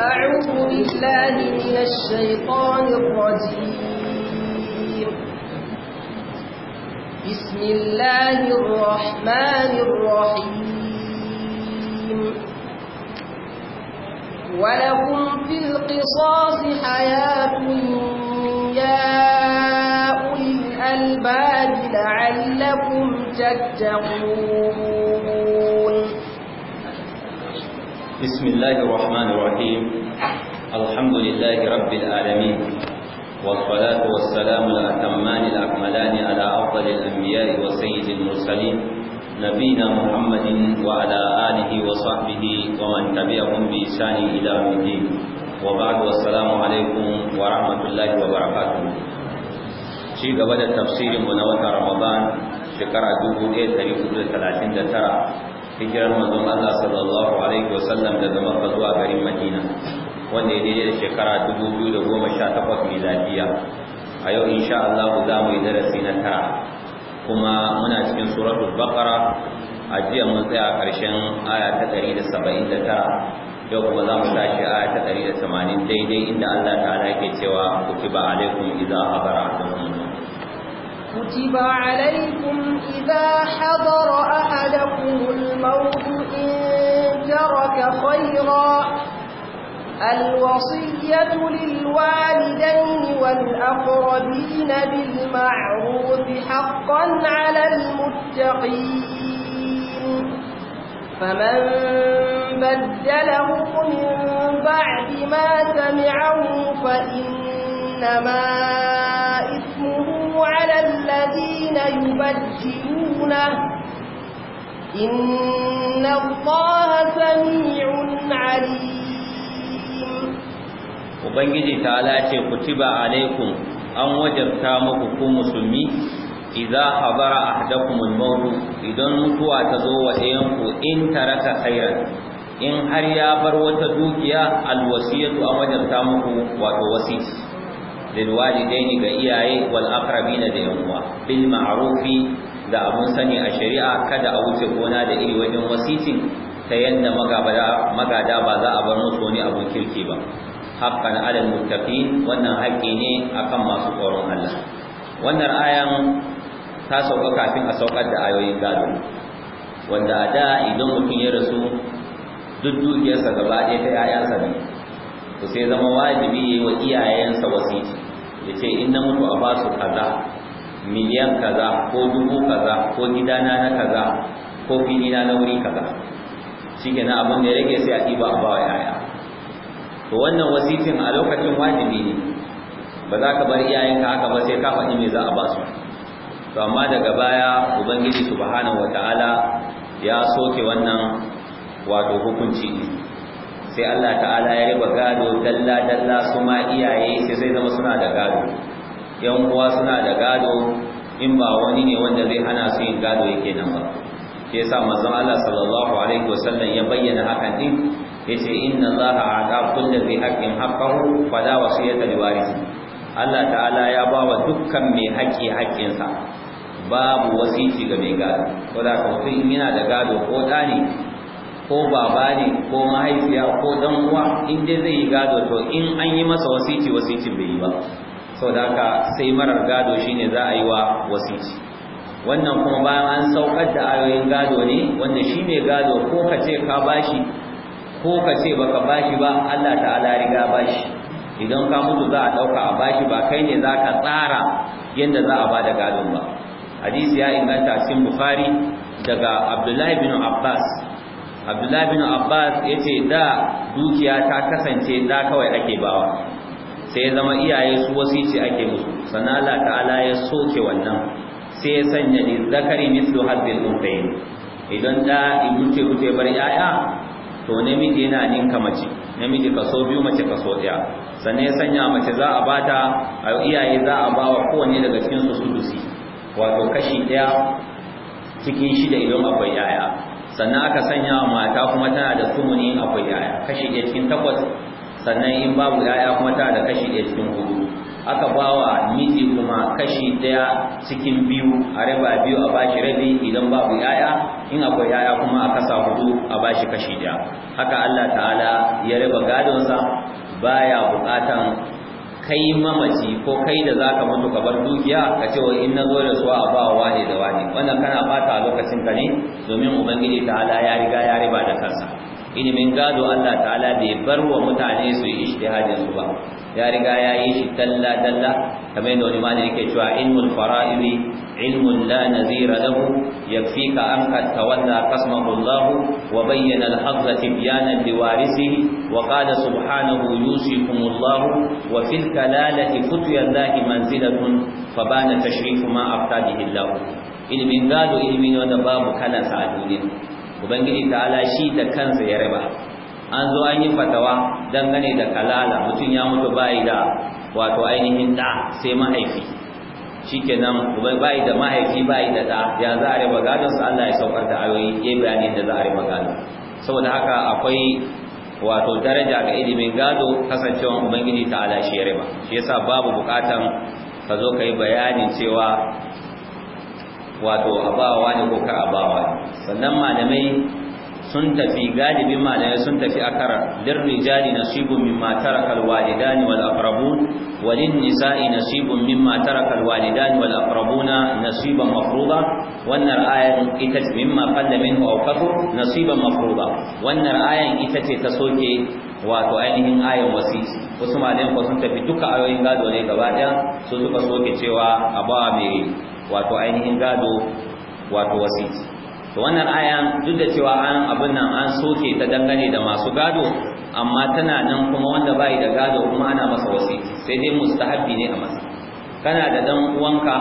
أعوذ بالله من الشيطان الرجيم بسم الله الرحمن الرحيم ولكم في القصاص حياة يا أولي الألباب لعلكم تتقون بسم الله الرحمن الرحيم الحمد لله رب العالمين والصلاة والسلام الأتمان الأكملان على أفضل الأنبياء وسيد المرسلين نبينا محمد وعلى آله وصحبه ومن تبعهم بإحسان إلى الدين وبعد والسلام عليكم ورحمة الله وبركاته ci gaba da tafsirin رمضان na watan Ramadan shekara hijirar manzon Allah sallallahu alaihi wasallam daga Makka zuwa garin Madina wanda ya daidai da shekara 2018 miladiya a yau insha Allah za mu yi darasi na tara kuma muna cikin suratul baqara a jiya mun tsaya a karshen aya ta 179 yau kuma za mu tashi aya ta 180 daidai inda Allah ta'ala yake cewa kutiba alaikum idza hadara ahadakum كتب عليكم إذا حضر أحدكم الموت إن ترك خيرا الوصية للوالدين والأقربين بالمعروف حقا على المتقين فمن بدله من بعد ما سمعه فإنما يبدلونه إن الله سميع عليم Ubangiji ta'ala ce kutiba alaikum an wajabta muku ku musulmi idza habara ahadakumul maut idan mutuwa ta zo wa ɗayan ku in taraka khairan in har ya bar wata dukiya alwasiyatu an wajabta muku wato wasiyya lil walidaini ga iyaye wal aqrabina da yan uwa bil ma'rufi da abun sani a shari'a kada a wuce gona da iri wajen wasitin ta yanda magada ba za a bar musu wani abun kirki ba haqqan alal muttaqin wannan haƙƙi ne akan masu tsoron Allah wannan ayan ta sauka kafin a saukar da ayoyin gado wanda a da idan mutum ya rasu duk dukiyarsa gaba ɗaya ta 'ya'yansa ne to sai zama wajibi yayi wa iyayensa wasiti yace in na mutu a ba su kaza miliyan kaza ko dubu kaza ko gidana na kaza ko filina na wuri kaza shikenan abin da ya rage sai a ɗiba a ba yaya to wannan wasitin a lokacin wajibi ne ba za ka bar iyayenka haka ba sai ka faɗi me za a ba su to amma daga baya ubangiji subhanahu wataala ya soke wannan wato hukunci ne sai Allah ta'ala ya riba gado dalla dalla su ma iyaye sai zai zama suna da gado yan uwa suna da gado in ba wani ne wanda zai hana su yin gado yake nan ba shi yasa manzon Allah sallallahu alaihi wasallam ya bayyana hakan din yace inna Allaha ata kulli dhi haqqin haqqahu fala wasiyata liwarith Allah ta'ala ya bawa dukkan mai haƙƙi haƙƙinsa babu wasici ga mai gado ko da mutum yana da gado ko ne? ko baba ne ko mahaifiya ko dan uwa in dai zai yi gado to in an yi masa wasiti wasitin bai yi ba saboda haka sai marar gado shine za a yi wa wasiti wannan kuma bayan an saukar da ayoyin gado ne wanda shi mai gado ko ka ce ka bashi ko ka ce baka bashi ba Allah ta'ala riga bashi idan ka mutu za a dauka a bashi ba kai ne za ka tsara yanda za a ba da gado ba hadisi ya inganta cikin bukhari daga abdullahi bin abbas abdullahi bin abbas ya ce da dukiya ta kasance da kawai ake bawa sai ya zama iyaye su ce ake musu sannan allah ta'ala ya soke wannan sai ya sanya ni zakari mislu hazbil unfayin idan da ibuce mutu mutu bar yaya to namiji yana ninka mace namiji kaso biyu mace kaso daya sannan ya sanya mace za a bata a iyaye za a bawa kowanne daga cikin su sudusi wato kashi daya cikin shida idan akwai yaya sannan aka sanya wa mata kuma tana da sumuni akwai yaya kashi ɗaya cikin takwas sannan in babu yaya kuma tana da kashi ɗaya cikin hudu aka bawa miji kuma kashi ɗaya cikin biyu a raba biyu a bashi rabi idan babu yaya in akwai yaya kuma a kasa hudu a bashi kashi ɗaya haka Allah ta'ala ya raba gadonsa baya bukatan kai mamaci ko kai da zaka mutu ka bar dukiya ka ce wa in nazo da suwa ba wani da wani wannan kana bata a lokacin ka ne domin ubangiji ta'ala ya riga ya riba da kansa ilimin gado Allah ta'ala bai bar wa mutane su yi ijtihadin su ba ya riga ya yi shi dalla dalla kamar yadda wani malami yake cewa ilmul fara'idi علم لا نذير له يكفيك أن قد تولى قسمه الله وبين الحظ تبيانا لوارثه وقال سبحانه يوصيكم الله وفي الكلالة فتي الله منزلة فبان تشريف ما أبقى الله ilimin gado ilimi ne wanda babu kalansa a duniya ubangiji ta'ala shi da kansa ya an zo an yi fatawa dangane da kalala mutum ya mutu bayi da wato ainihin da sai mahaifi shikenan ubai bai da mahaifi bai da da ya za a yi magana sa Allah ya saukar da ayoyi ya bayani da za a yi magana. saboda haka akwai wato daraja ga ilimin gado kasancewa ubangiji ta ala shi ya ba shi yasa babu bukatan ka zo ka yi bayanin cewa wato abawa ne ko kar abawa sannan malamai sun tafi galibin malamai sun tafi akara lirrijali nasibun mimma taraka alwalidani wal aqrabun walin nisa'i nasibun mimma taraka alwalidan wal aqrabuna nasiban mafruḍa wannan ayan ita ce mimma qalla minhu nasiban mafruḍa wannan ita ce ta soke wato ainihin ayon wasi. wasu malayan ko sun tafi duka ayoyin gado ne gaba daya su soke cewa mai wato ainihin gado wato wasi to wannan ayan duk da cewa an abin nan an soke ta dangane da masu gado amma tana nan kuma wanda bai da gado kuma ana masa wasi sai dai mustahabbi ne a masa kana da dan uwanka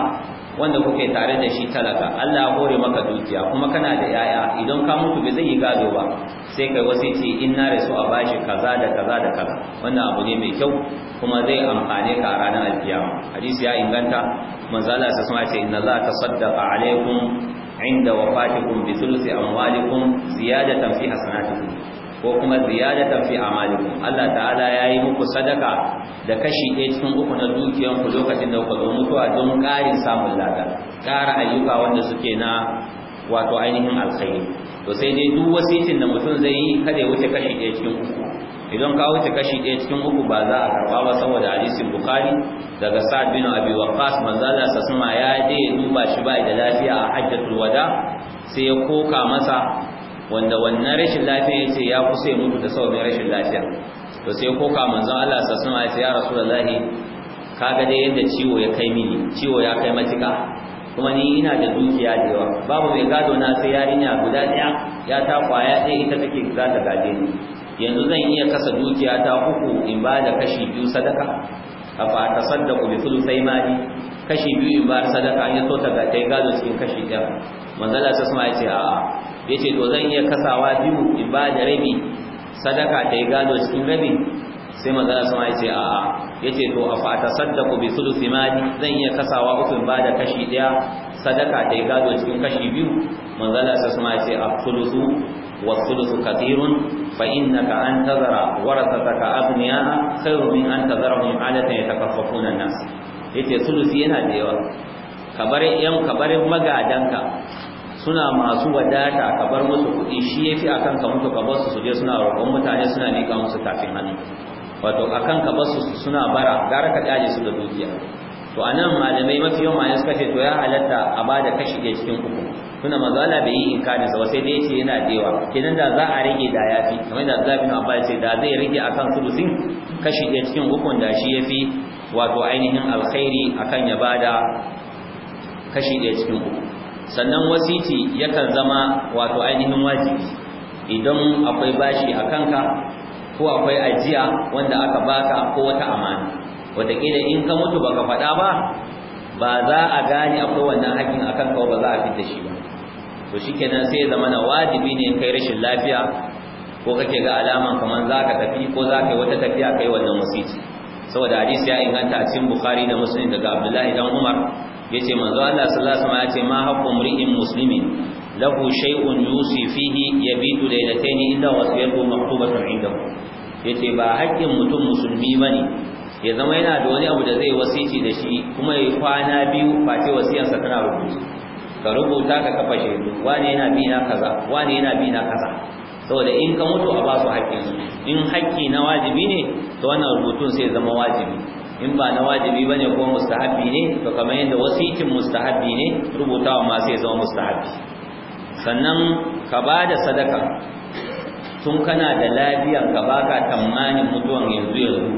wanda kuke tare da shi talaka Allah ya hore maka dukiya kuma kana da yaya idan ka mutu bai zai gado ba sai kai wasiti in na rasu a bashi kaza da kaza da kaza wannan abu ne mai kyau kuma zai amfane ka a ranar alkiyama hadisi ya inganta manzo Allah sai sama ce inna Allah tasaddaqa alaikum inda wafatikum bi thuluthi amwalikum ziyadatan fi hasanatikum ko kuma ziyadatan fi amalikum Allah ta'ala ya yi muku sadaka da kashi ɗaya cikin uku na dukiyanku lokacin da kuka zo mutuwa don ƙarin samun lada ƙara ayyuka wanda suke na wato ainihin alkhairi to sai dai duk wasitin da mutum zai yi kada ya wuce kashi ɗaya cikin uku idan ka wuce kashi ɗaya cikin uku ba za a karɓa ba saboda hadisin bukari daga sa'ad bin abi waqqas manzala Allah da ya je duba shi ba da lafiya a hajjatul wada sai ya koka masa wanda wannan rashin lafiya yace ya kusa ya mutu da sababin rashin lafiya to sai koka manzon Allah sallallahu alaihi wasallam ya rasulullahi kaga dai yadda ciwo ya kai mini ciwo ya kai matuka kuma ni ina da dukiya da yawa babu mai gado na sai yarinya guda daya ya ta kwaya ɗaya ita take za ta gade ni yanzu zan iya kasa dukiya ta uku in ba da kashi biyu sadaka A ta tasaddaqu bi thuluthai mali kashi biyu in ba sadaka in so ta ga gado cikin kashi ɗaya manzon Allah sallallahu alaihi a'a yace to zan iya kasawa biyu in ba da rabi sadaka ta yi gado cikin rabi sai manzala sama ya ce a'a yace to a fa tasaddaqu bi thuluthi mali zan iya kasawa uku in da kashi daya sadaka dai gado cikin kashi biyu manzala sama ya ce sulusu wa sulusu kathirun fa innaka an tazara warathataka abniya khairu min an hum alatan yatakaffafuna an-nas yace sulusi yana da yawa kabarin yan kabarin magadanka suna masu wadata ka bar musu kuɗi shi yafi akan ka mutu ka bar su su je suna roƙon mutane suna miƙa musu tafin hannu wato akan ka bar su suna bara gara ka ɗaje su da dukiya to anan malamai mafi yawan malamai suka ce to ya halatta a bada kashi ɗaya cikin uku suna mazala bai yi inkarin sa sai dai ce yana dewa kenan da za a rage da yafi kamar da a bin Abbas sai da zai rage akan sulusin kashi ɗaya cikin uku da shi yafi wato ainihin alkhairi akan ya bada kashi ɗaya cikin uku sannan wasiti yakan zama wato ainihin wajibi idan akwai bashi a kanka ko akwai ajiya wanda aka baka ko wata amana wataƙila in ka mutu baka faɗa ba ba za a gane akwai wannan haƙƙin a kanka ba za a fita shi ba to kenan sai zama na wajibi ne kai rashin lafiya ko kake ga alaman kaman za ka tafi ko za yi wata tafiya kai wannan wasiti saboda hadisi ya inganta a cikin bukhari da muslim daga abdullahi dan umar yace manzo Allah sallallahu alaihi wasallam yace ma haqqu mri'in muslimin lahu shay'un yusi fihi yabitu laylatayn illa wasiyatu maktubatun indahu yace ba haƙƙin mutum musulmi bane ya zama yana da wani abu da zai wasici da shi kuma ya kwana biyu face sa tana rubuce ka rubuta ka kafa shaidu wani yana bi na kaza wani yana bi na kaza saboda in ka mutu a ba su haƙƙinsu in haƙƙi na wajibi ne to wannan rubutun sai zama wajibi in ba na wajibi ba ne ko mustahabi ne to kamar yadda wasikin mustahabi ne rubutawa ma sai zama mustahabi. sannan ka bada sadaka tun kana da lafiya ka baka tamanin mutuwan yanzu yanzu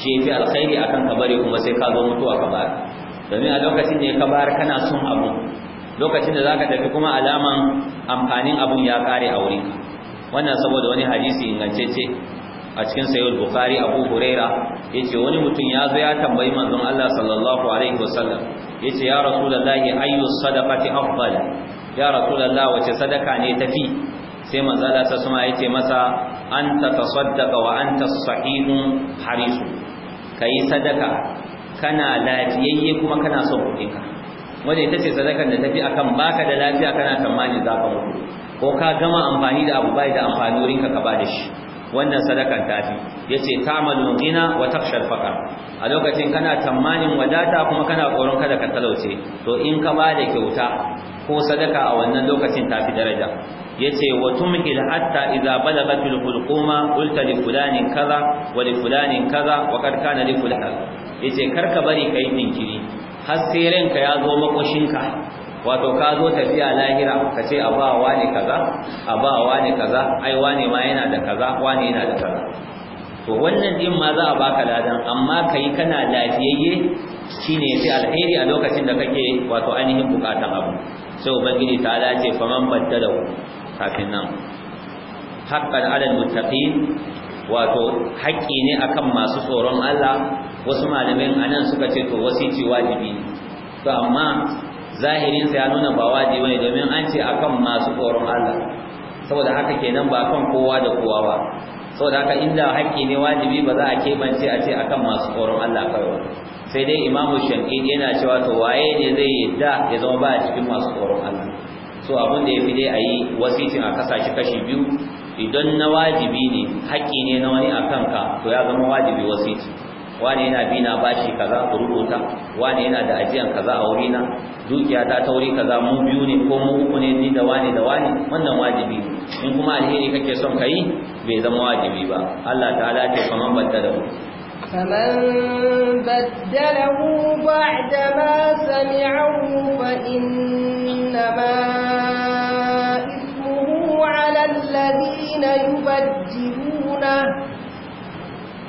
shi fi alkhairi akan kabari kuma sai ka zo mutuwa ka domin a lokacin ne ka kabar kana son abu lokacin da zaka tafi kuma alaman amfanin abun ya kare a wannan saboda wani hadisi ingantacce a cikin sayyid bukhari abu huraira yace wani mutum ya zo ya tambayi manzon Allah sallallahu alaihi wasallam yace ya rasulullahi ayyu sadaqati afdal ya rasulullah wace sadaka ne tafi sai manzon Allah sallallahu alaihi yace masa anta tasaddaqa wa anta sahihun harisu kai sadaka kana lafiyayye kuma kana son kuɗinka wanda ita ce sadakar da tafi akan baka da lafiya kana tsammanin za ka mutu ko ka gama amfani da abu bai da amfani wurinka ka ba da shi wannan sadakan tafi yace tamal muqina wa takhshal faqar a lokacin kana tamanin wadata kuma kana tsoron kada ka talauce to in ka ba da kyauta ko sadaka a wannan lokacin tafi daraja yace wa tumhil hatta idza balagatil hulquma qulta li fulanin kaza wa li fulanin kaza wa qad kana li fulan yace karka bari kai dinkiri har sai ranka ya zo makoshinka wato ka zo tafiya lahira ka ce a ba wa ne kaza a ba wa ne kaza ai wa ne ma yana da kaza wa ne yana da kaza to wannan din ma za a baka ladan amma kai kana lafiyayye shine sai alheri a lokacin da kake wato ainihin bukatan abu sai ubangiji ta ala lace faman baddalahu kafin nan haqqan ala almuttaqin wato haƙƙi ne akan masu tsoron Allah wasu malamin anan suka ce to ci wajibi to amma zahirin sa ya nuna ba waje bane domin an ce akan masu tsoron Allah saboda haka kenan ba kan kowa da kowa ba saboda haka inda haƙƙi ne wajibi ba za a kebance a ce akan masu tsoron Allah ba sai dai imamu shanki yana cewa to waye ne zai yadda ya zama ba a cikin masu tsoron Allah so abin da yafi dai ayi wasitin a kasashe kashi biyu idan na wajibi ne haƙƙi ne na wani akan ka to ya zama wajibi wasitin wani yana bi na bashi kaza ku rubuta wani yana da ajiyan kaza a wuri na dukiya ta tauri kaza mu biyu ne ko mu uku ne ni da wani da wani wannan wajibi in kuma alheri kake son kai bai zama wajibi ba Allah ta'ala ce kaman badda da mu فمن بدله بعد ما سمعه فإنما إثمه على الذين يبدلونه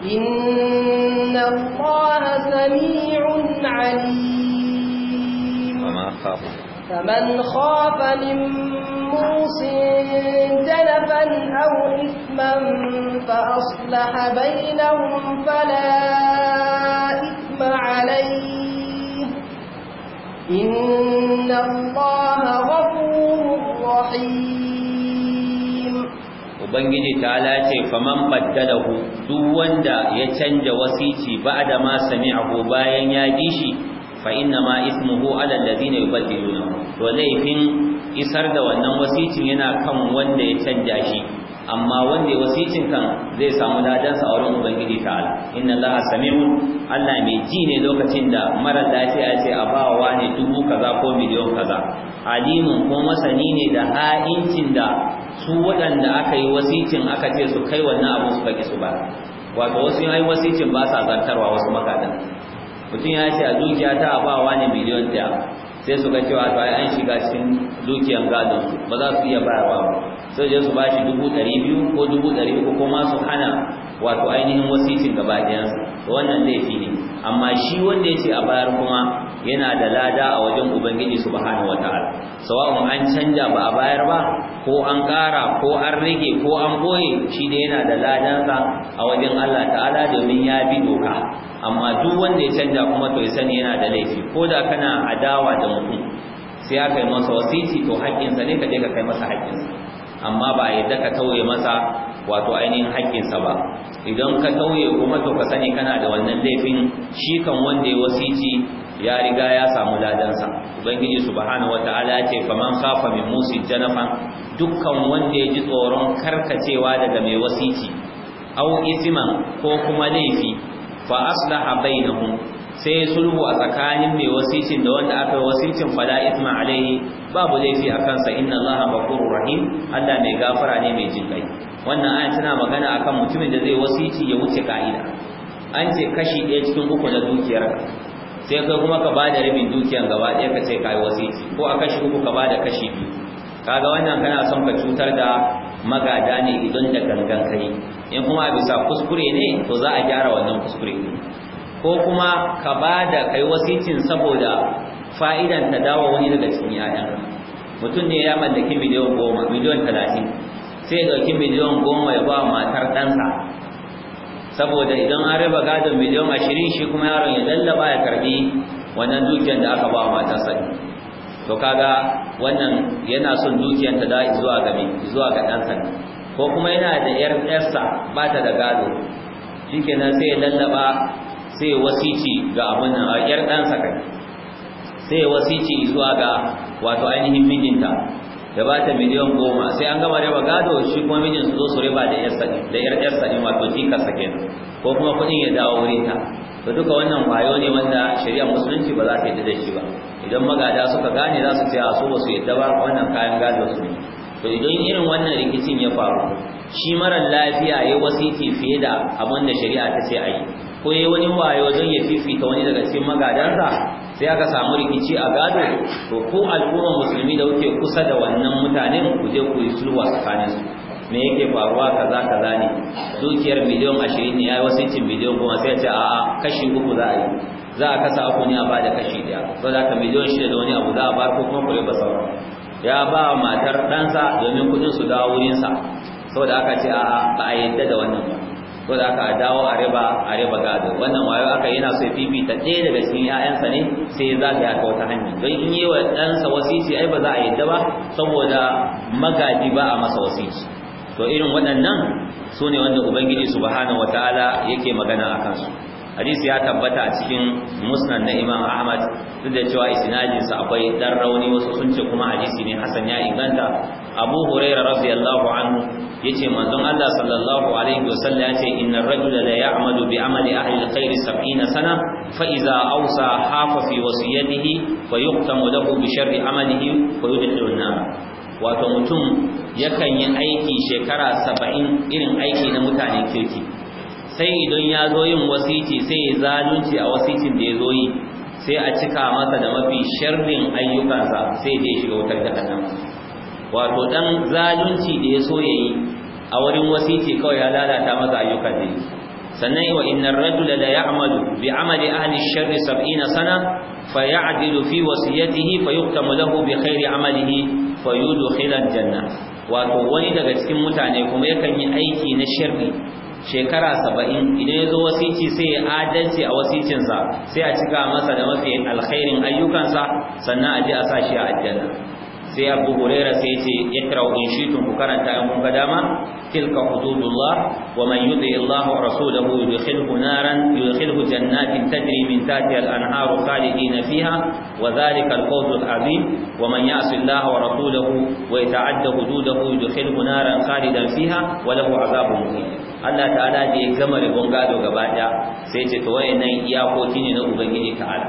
إن الله سميع عليم خاف فمن خاف من موص جنفا أو إثما فأصلح بينهم فلا إثم عليه إن الله غفور رحيم ubangiji ta lace faman baddalahu duk wanda ya canja wasici ba'da ma sami'ahu bayan ya ji shi fa inna ma ismuhu ala alladhina yubaddilunahu to laifin isar da wannan wasicin yana kan wanda ya canja shi amma wanda ya wasicin kan zai samu ladansa a wurin ubangiji ta'ala inna allaha samiu allah mai ji ne lokacin da mara lafiya sai a ba wa ne dubu kaza ko miliyon kaza alimin ko masani ne da ha'incin da su waɗanda aka yi wasicin aka ce su kai wannan abu su baki su ba wato wasu yayin wasicin ba sa zartarwa wasu makadan mutum ya ce a dukiya ta ba wa ne miliyon ɗaya sai su ga cewa to ai an shiga cikin dukiyan gadon ba za su iya bayarwa ba sai je su bashi dubu ɗari biyu ko dubu ɗari uku ko ma su hana wato ainihin wasisin gaba ɗayansa to wannan laifi ne amma shi wanda ya ce a bayar kuma yana da lada a wajen ubangiji wata ala sawa'un an canja ba a bayar ba ko an ƙara ko an rage ko an boye shi dai yana da ladansa a wajen Allah ta'ala domin ya bi doka amma duk wanda ya canja kuma to ya sani yana da laifi ko da kana adawa da mutum sai ya kai masa wasiti to haƙƙinsa ne ka je ka kai masa haƙƙinsa amma ba a yadda ka tauye masa wato ainihin haƙƙinsa ba idan ka tauye kuma to ka sani kana da wannan laifin shi kan wanda ya wasici ya riga ya samu ladansa ubangiji subhanahu wataala ya ce faman khafa min musi janafan dukkan wanda ya ji tsoron karkacewa daga mai wasici au isiman ko kuma laifi fa aslaha bainahum sai sulhu a tsakanin mai wasicin da wanda aka wasicin fada isma alaihi babu laifi a kansa inna allaha bakuru rahim Allah mai gafara ne mai jin kai wannan ayat tana magana akan mutumin da zai wasici ya wuce ka'ida an ce kashi ɗaya cikin uku na dukiyar sai kai kuma ka bada rabin dukiyar gaba ɗaya ka ce kai wasici ko a kashi uku ka bada kashi biyu kaga wannan kana son ka cutar da magada ne idan da gangan kai in kuma a bisa kuskure ne to za a gyara wannan kuskure ko kuma ka ba da kai wasitin saboda fa'idan ta dawo wani daga cikin yayan mutum ne ya mallaki miliyan goma miliyan talatin sai ya ɗauki miliyan goma ya ba matar ɗansa saboda idan an raba gadon miliyan ashirin shi kuma yaron ya lallaba ya karbi wannan dukiyar da aka ba matarsa to kaga wannan yana son dukiyar ta da zuwa ga zuwa ga ɗansa ko kuma yana da yar ɗansa ba ta da gado shikenan sai ya lallaba sai wasici ga abin da yar ɗansa kai sai wasici zuwa ga wato ainihin mijinta da ba ta miliyan goma sai an gama raba gado shi kuma mijin su zo su riba da sadi da yar yar sadi wato jikarsa sake ko kuma kuɗin ya dawo wurin ta to duka wannan bayo ne wanda shari'a musulunci ba za ta yi da shi ba idan magada suka gane za su ce a so ba su yadda ba wannan kayan gado su ne to idan irin wannan rikicin ya faru shi marar lafiya ya wasiti fiye da abin da shari'a ta ce a yi ko yi wani wayo don ya fifita wani daga cikin magadansa sai aka samu rikici a gado to ko al'ummar musulmi da kuke kusa da wannan mutanen ku je ku yi sulwa tsakanin su me yake faruwa kaza kaza ne dukiyar miliyan ashirin ne yayi cin miliyan goma sai ce a'a kashi uku za a yi za a kasa ku ne a ba da kashi daya da ka miliyan shida da wani abu za a ba ko kuma ku ba sauran ya ba matar ɗansa domin kuɗin su dawo wurinsa saboda aka ce a'a ba a yadda da wannan ba ko da aka dawo a riba a riba gado wannan wayo aka yana so fifi ta ɗaya daga cikin ƴaƴansa ne sai ya zaga ya wata hanya don in yi wa ɗansa wasisi ai ba za a yadda ba saboda magaji ba a masa wasisi to irin waɗannan su ne wanda ubangiji subhanahu wataala yake magana a kansu hadisi ya tabbata a cikin musnad na imam ahmad duk da cewa isnadinsa akwai dan rauni wasu sun ce kuma hadisi ne hasan ya inganta abu huraira radiyallahu anhu yace manzon allah sallallahu alaihi wasallam yace innar rajula la ya'malu bi amali ahli alkhair 70 sana fa iza awsa hafa fi wasiyatihi fa yuqtamu lahu bi sharri amalihi fa yudkhilun nar wato mutum yakan yi aiki shekara 70 irin aiki na mutane kirki sai idan ya zo yin wasiti sai ya zalunci a wasitin da ya zo yi sai a cika masa da mafi sharrin ayyukansa sai ya shiga wutar jahannam wato dan zalunci da ya so ya yi a wurin wasiti kawai ya lalata masa ayyukan da yake sannan wa innar rajula la ya'malu bi amali ahli sharri 70 sana Fa fayadilu fi wasiyatihi fayuktamu lahu bi khairi amalihi fayudkhila janna wato wani daga cikin mutane kuma yakan yi aiki na sharri shekara saba'in idan ya zo wasici sai ya adalci a wasicinsa sai a cika masa da mafi alkhairin ayyukansa sannan a je a sa shi a aljanna sai abu huraira sai ce ikra'u in shi'tum ku karanta in kun ga dama tilka hududullah wa man yuti Allah wa rasulahu yudkhilhu naran yudkhilhu jannatin tajri min tahtiha al-anharu khalidina fiha wa dhalika al-fawz al-azim wa man ya'si Allah wa rasulahu wa yata'adda hududahu yudkhilhu naran khalidan fiha wa lahu 'adhabun muhin Allah ta'ala da ya gama ribon gado gaba daya sai ce to wayannan iyakoki ne na ubangiji ta'ala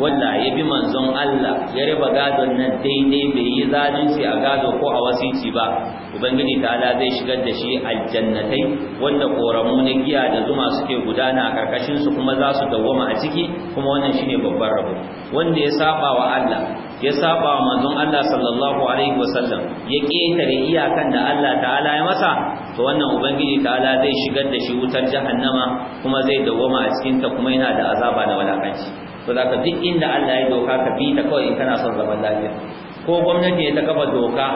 wanda ya bi manzon Allah ya riba gadon nan daidai bai yi zalunci a gado ko a wasici ba ubangiji ta'ala zai shigar da shi aljannatai wanda koramu na giya da zuma suke gudana a karkashin su kuma za su dawwama a ciki kuma wannan shine babban rabo wanda ya saba wa Allah ya saba manzon Allah sallallahu alaihi wasallam ya ketare iyakan da Allah ta'ala ya masa to wannan ubangiji ta'ala zai shigar da shi wutar jahannama kuma zai dawoma a cikin ta kuma yana da azaba da walakanci to zaka duk inda Allah ya doka ka bi ta kawai in kana son zaman lafiya ko gwamnati ne ta kafa doka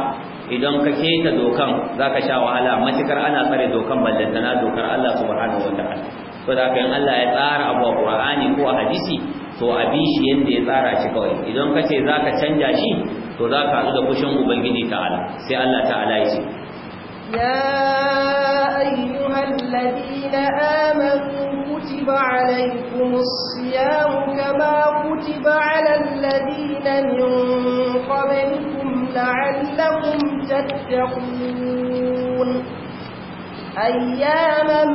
idan ka keta dokan zaka sha wahala matukar ana tsare dokan ballantana dokar Allah subhanahu wataala to da kan Allah ya tsara abu a Qur'ani ko a hadisi to a bi shi yadda ya tsara shi kawai idan ka ce za ka canja shi to za ka haɗu da kushin ubangiji ta'ala sai allah ta'ala ya ce ya ayyuhal ladina amanu kutiba alaykumus siyam kama kutiba alal ladina min qablikum la'allakum tattaqun ayyaman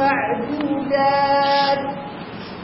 ma'dudat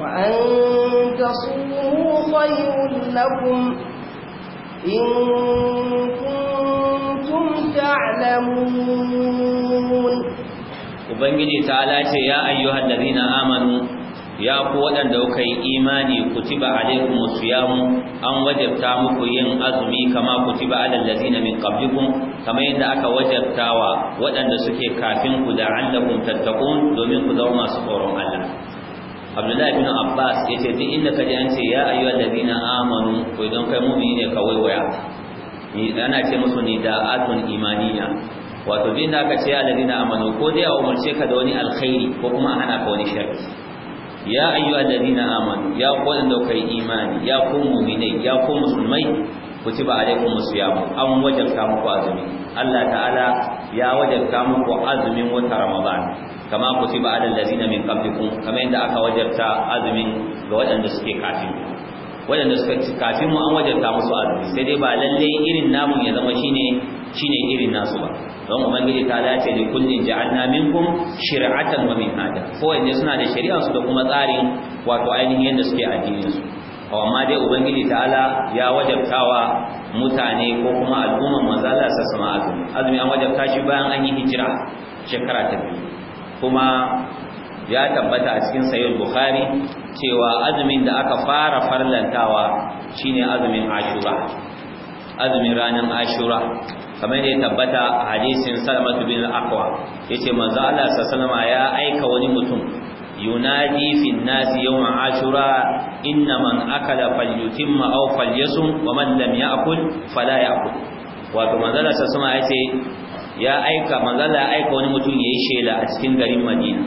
وأن تصوموا خير لكم إن كنتم تعلمون Ubangiji ta lace ya ayyuhan ladina amanu ya ku waɗanda kuka yi imani kutiba alaikum siyamu an wajabta muku yin azumi kama kutiba alal ladina min qablikum kamar yadda aka wajabtawa waɗanda suke kafin ku da tattaqun domin ku zama masu tsoron Allah abdullahi bin abbas ya ce duk inda ka an ce ya ayyuhal ladina amanu ko idan kai mu'mini ne ka waiwaya ni ana ce musu ni da atun imaniya wato duk inda ka ce ya ladina amanu ko dai a umarce ka da wani alkhairi ko kuma a hana ka wani sharri ya ayyuhal ladina amanu ya ku wanda kai imani ya ku mu'mini ya ku musulmai kutiba alaikum siyam an wajabta muku azumi Allah ta'ala ya wajabta muku azumin wata ramadan kama kutiba alal ladina min qablikum kamar yadda aka wajabta azumin ga waɗanda suke kafin waɗanda suka kafin mu an wajabta musu azumi sai dai ba lalle irin namun ya zama shine shine irin nasu ba don ubangiji ta dace da kullin ja'alna minkum shir'atan wa minhaja ko inda suna da shari'a su da kuma tsarin wato ainihin yadda suke addinin su amma dai ubangiji ta'ala ya wajabtawa mutane ko kuma al'umman manzala sa sama azumi an wajabta shi bayan an yi hijira shekara ta biyu kuma ya tabbata a cikin sayyid bukhari cewa azumin da aka fara farlantawa shine azumin ashura azumin ranar ashura kamar ya tabbata a hadisin salamatu bin al-aqwa yace manzo Allah sallallahu alaihi ya aika wani mutum ينادي في الناس يوم عاشوراء إن من أكل فليتم wa فليصم ومن لم fala فلا يأكل wato manzala sa sama yace ya aika manzala aika wani mutum yayi shela a cikin garin Madina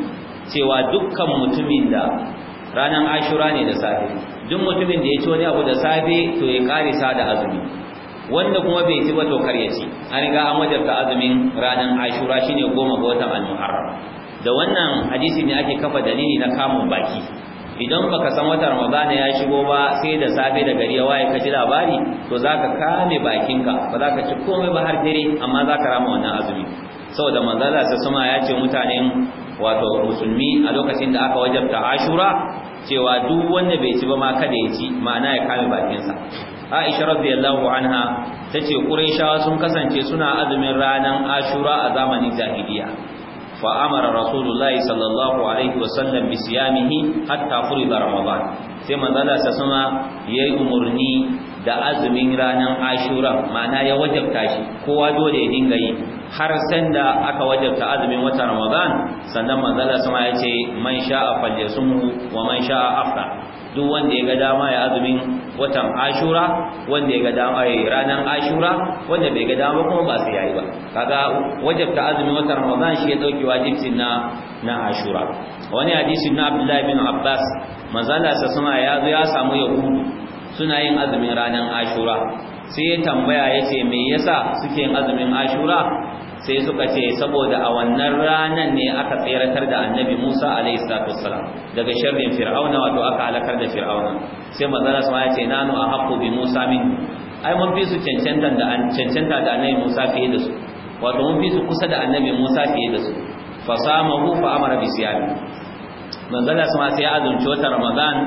cewa dukkan mutumin da ranan Ashura ne da safe duk mutumin da ya ci wani abu da safe to ya karisa da azumi wanda kuma bai ci ba to kar ya ci an riga an wajarta azumin ranan Ashura shine goma ga watan Al-Muharram da wannan hadisi ne ake kafa dalili na kamun baki idan baka san wata ramadan ya shigo ba sai da safe da gari ya waye ka ji labari to zaka kame bakinka ba zaka ci komai ba har dare amma zaka rama wannan azumi saboda Allah sai sama ya ce mutanen wato musulmi a lokacin da aka wajabta ashura cewa duk wanda bai ci ba ma kada ya ci ma'ana ya kame bakinsa Aisha radiyallahu anha tace Qurayshawa sun kasance suna azumin ranan Ashura a zamanin jahiliya وأمر رسول الله صلى الله عليه وسلم بصيامه حتى فرض رمضان Sama ya yi umarni da azumin ranar ashura ma'ana ya wajabta shi kowa dole ya dinga yi har san da aka wajabta azumin watan ramadan sannan manzala sama ya ce man sha'a falyasumhu wa man sha'a afta duk wanda ya ga dama ya azumin watan ashura wanda ya ga dama ya eh, ranar ashura wanda bai ga dama kuma ba sai yayi ba kaga wajabta azumin watan ramadan shi ya dauki wajibcin na na ashura wani hadisi na abdullahi bin abbas manzala sa suna ya zo ya samu yahudu suna yin azumin ranan ashura sai ya tambaya yace me yasa suke yin azumin ashura sai suka ce saboda a wannan ranan ne aka tseratar da annabi Musa alaihi salatu wassalam daga sharrin fir'auna wato aka halakar da fir'auna sai manzon Allah ya ce nanu ahqqu bi Musa min ai mun fi su cancanta da cancanta da annabi Musa fiye da su wato mun fi su kusa da annabi Musa fiye da su fa samahu fa amara bi siyam manzon Allah sai ya azumci wata Ramadan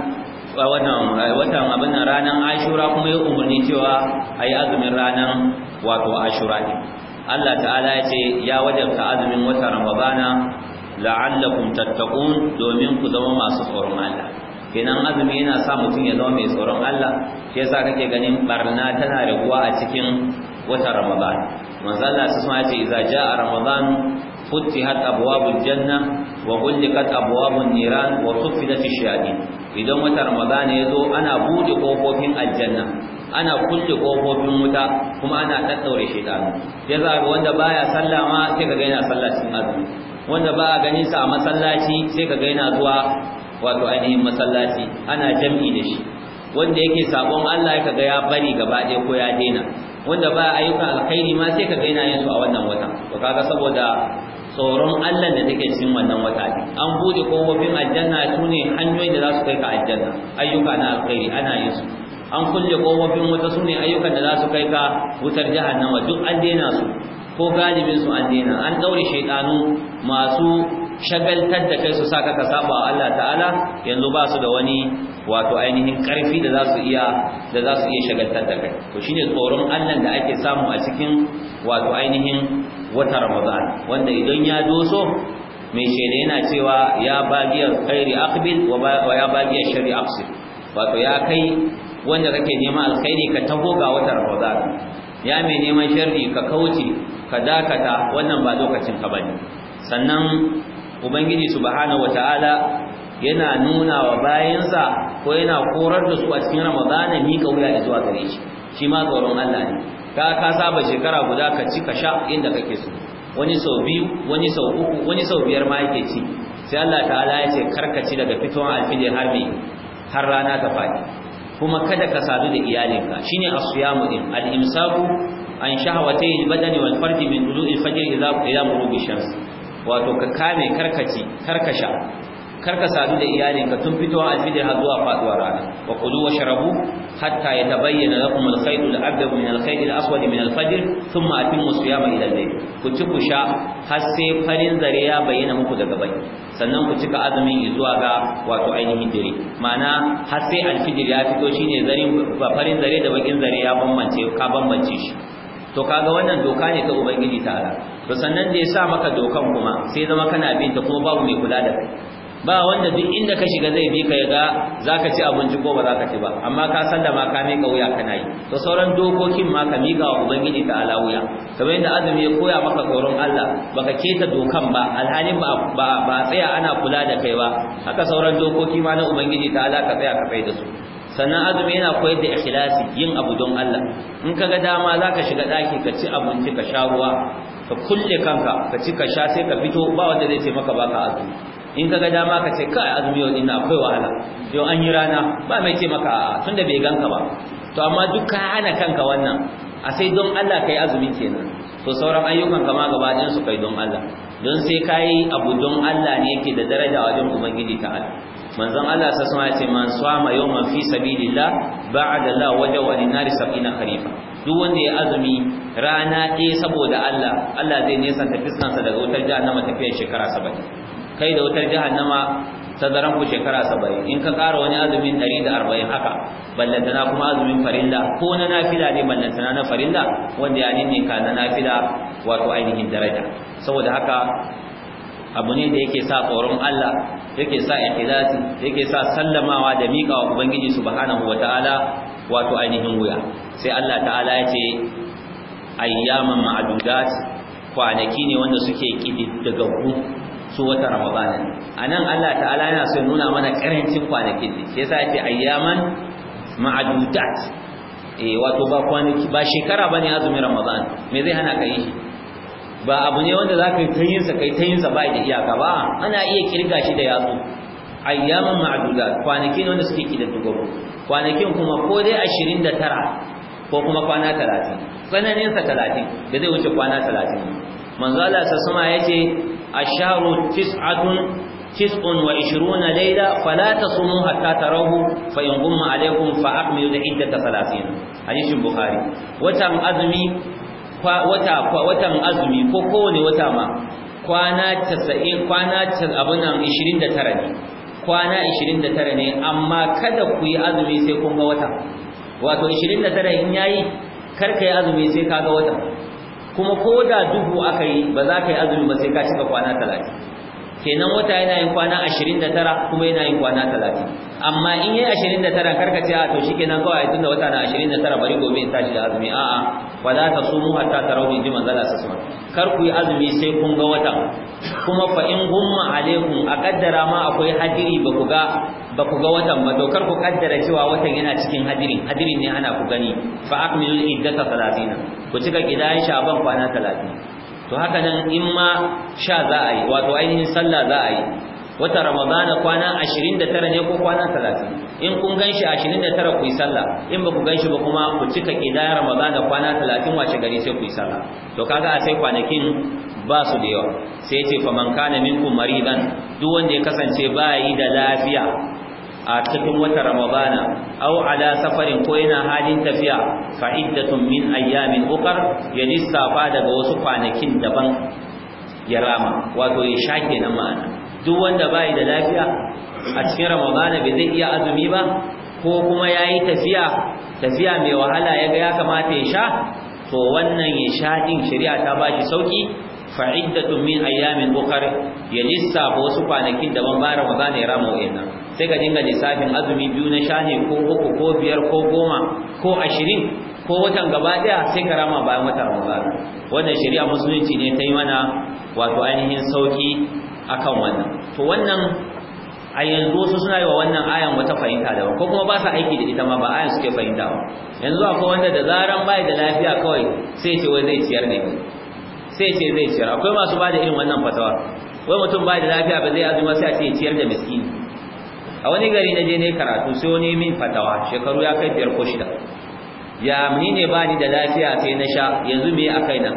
wannan watan abin ranan Ashura kuma ya umurni cewa yi azumin ranan wato Ashura ne Allah ta'ala ya ce ya wajarta azumin wata ramadana la'allakum tattaqun domin ku zama masu tsoron Allah kenan azumi yana sa mutum ya zama mai tsoron Allah shi yasa kake ganin barna tana raguwa a cikin wata ramadana manzo Allah sai ya ce idza jaa ramadan futihat abwabul janna wa ghulqat abwabun niran wa suffidat ash-shayatin idan wata ramadana zo ana bude kofofin aljanna ana kulle kofofin wuta kuma ana daddaure shedanu ya za ga wanda baya sallah sai kaga yana sallah cikin azumi wanda ba a ganin sa a masallaci sai kaga yana zuwa wato ainihin masallaci ana jam'i da shi wanda yake sabon Allah ya kaga ya bari gaba ɗaya ko ya daina wanda ba ayyukan alkhairi ma sai kaga yana yin su a wannan wata, to kaga saboda tsoron Allah da take cikin wannan wata ne an bude kofofin aljanna su hanyoyin da za su kai ka aljanna ayyuka na alkhairi ana yin su an kulle kofofin wuta sune ayyukan da za su kai ka wutar jahannama duk an daina su ko galibin su an daina an daure shaydanu masu shagaltar da kai su saka ka saba Allah ta'ala yanzu ba su da wani wato ainihin karfi da za su iya da za su iya shagaltar da kai to shine tsoron Allah da ake samu a cikin wato ainihin wata Ramadan wanda idan ya doso mai shaida yana cewa ya bagiyar khairi aqbil wa ya bagiyar shari aqsil wato ya kai wanda kake neman alkhairi ka taho ga wata Ramadan ya mai neman sharri ka kauce ka dakata wannan ba lokacin ka bane sannan ubangiji subhanahu wataala yana nuna wa bayansa ko yana korar da su a cikin Ramadan ni ka wuya zuwa gare shi shi ma tsoron Allah ne ka ka saba shekara guda ka ci ka sha inda kake so wani sau biyu wani sau uku wani sau biyar ma yake ci sai Allah ta'ala ya ce karkaci daga fitowar alfijir har me har rana ta fadi kuma kada ka sadu da iyalinka shine as-siyamu din al-imsaku an shahawatay al-badani wal farji min tulu'i al-fajr idza ila ghurubi shams wato ka kame karkaci karkasha karka sadu da iyalinka tun fitowa al-fajr har zuwa faduwar rana wa kulu wa sharabu hatta yatabayyana lakum al-khayt al-abyad min al-khayt al-aswad min al-fajr thumma atimmu siyama ila al-layl ku ci ku sha har sai farin zare ya bayyana muku daga baki sannan ku cika azumin zuwa ga wato ainihin dare ma'ana har sai alfijir ya fito shine zare farin zare da bakin zare ya bambance ka bambance shi to kaga wannan doka ne ta ubangiji ta'ala to sannan da ya sa maka dokan kuma sai zama kana bin ta kuma babu mai kula da kai ba wanda duk inda ka shiga zai bi ka yaga zaka ci abinci ko ba zaka ci ba amma ka san da ma ka wuya kana yi to sauran dokokin ma ka mika wa ubangiji ta alawuya kamar yadda azumi ya koya maka tsoron Allah baka keta dokan ba alhalin ba ba tsaya ana kula da kai ba haka sauran dokoki ma na ubangiji ta ala ka tsaya ka fai da su sannan azumi yana koyar da ikhlasi yin abu don Allah in ka ga dama zaka shiga daki ka ci abinci ka sha ruwa ka kulle kanka ka ci ka sha sai ka fito ba wanda zai ce maka baka azumi in kaga dama ka ce kai azumi yau ina akwai wahala yau an yi rana ba mai ce maka tunda bai ganka ba to amma duk ka hana kanka wannan a sai don Allah kai azumin kenan to sauran ayyukan kama gaba din su kai don Allah don sai kai abu don Allah ne yake da daraja wajen ubangiji Allah manzon Allah sa sama yace man swama yawman fi sabilillah ba'da la wajha wa linari sab'ina kharifa duk wanda ya azumi rana ɗaya saboda Allah Allah zai nesa ta fiskansa daga wutar jahannama tafiyar shekara 70 kai da wutar jahannama tazaran ku shekara sabain in ka ƙara wani azumin da arba'in haka ballantana kuma azumin farilla ko na nafila ne ballantana na farilla wanda ya ninne ka na nafila wato ainihin daraja saboda haka abu ne da yake sa tsoron Allah yake sa ikhlasi yake sa sallamawa da miƙawa ubangiji subhanahu wataala wato ainihin wuya sai Allah ta'ala ya ce ayyaman ma'adudat kwanaki ne wanda suke kididdigaggu su wata a anan Allah ta'ala yana so nuna mana karancin kwanakin ne shi yasa yace ayyaman ma'adudat eh wato ba kwanaki ba shekara bane azumin ramadan me zai hana kai ba abu ne wanda zaka yi tayin sa kai tayin sa ba da iyaka ba ana iya kirga shi da yatsu ayyaman ma'adudat kwanaki ne wanda suke kididdigo kwanakin kuma ko dai 29 ko kuma kwana 30 tsananin sa 30 da zai wuce kwana 30 manzo Allah ya yace الشهر تسعة تسع وعشرون ليلة فلا تصوموا حتى تروه فإن غم عليكم فأكملوا عدة ثلاثين حديث البخاري وتم أزمي وتا وتم أزمي كوكوني وتما كوانا تسعين كوانا أبنا عشرين دترني كوانا عشرين دترني أما كذا كوي أزمي سيكون وتا وتو عشرين دترني إن ياي كركي أزمي سيكاغا وتا kuma ko da duhu aka yi ba za ka yi azumi ba sai ka cika kwana talatin kenan wata yana yin kwana ashirin da tara kuma yana yin kwana talatin amma in yi ashirin da tara karka ce a to shi kenan kawai tun da wata na ashirin da tara bari gobe in tashi da azumi a'a ba za ta sumu hatta ta rauni ji manzala sa kar ku yi azumi sai kun ga wata. kuma fa in gumma alaikum a kaddara ma akwai hadiri ba ku ga ba ku ga watan ba dokar ku kaddara cewa watan yana cikin hadirin hadirin ne ana ku gani fa akmilu iddata 30 ku cika kidayan sha'ban kwana 30 to haka nan in ma sha za a yi wato ainihin sallah za a yi wata ramadana kwana 29 ne ko kwana 30 in kun ganshi 29 ku yi sallah in ba ku ganshi ba kuma ku cika kidayar ramadana kwana 30 wace gari sai ku yi sallah to kaga a sai kwanakin ba su da yawa sai ce fa man kana minkum maridan duk wanda ya kasance ba yi da lafiya a cikin wata ramadana aw ala safarin ko yana halin tafiya fa iddatun min ayyamin ukar ya lissafa daga wasu kwanakin daban ya rama wato ya shake na ma'ana duk wanda yi da lafiya a cikin ramadana bai zai iya azumi ba ko kuma yayi tafiya tafiya mai wahala yaga ya kamata ya sha to wannan ya sha din shari'a ta bashi sauki fa'iddatun min ayyamin bukhar ya lissafa wasu kwanakin da ban bara maza ne ramu wayannan sai ka dinga lissafin azumi biyu na shani ko uku ko biyar ko goma ko ashirin ko watan gaba daya sai ka rama bayan wata Ramadan wannan shari'a musulunci ne ta yi mana wato ainihin sauki akan wannan to wannan a yanzu wasu suna yi wa wannan ayan wata fahimta daban ko kuma ba sa aiki da ita ma ba ayan suke fahimta ba yanzu akwai wanda da zaran bai da lafiya kawai sai ce wai zai ciyar ne sai ce zai ciyar akwai masu bada irin wannan fatawa wai mutum ba da lafiya ba zai azuma sai a ce ciyar da miskini a wani gari na je ne karatu sai wani min fatawa shekaru ya kai biyar ko shida ya ni ne ba ni da lafiya sai na sha yanzu me a nan?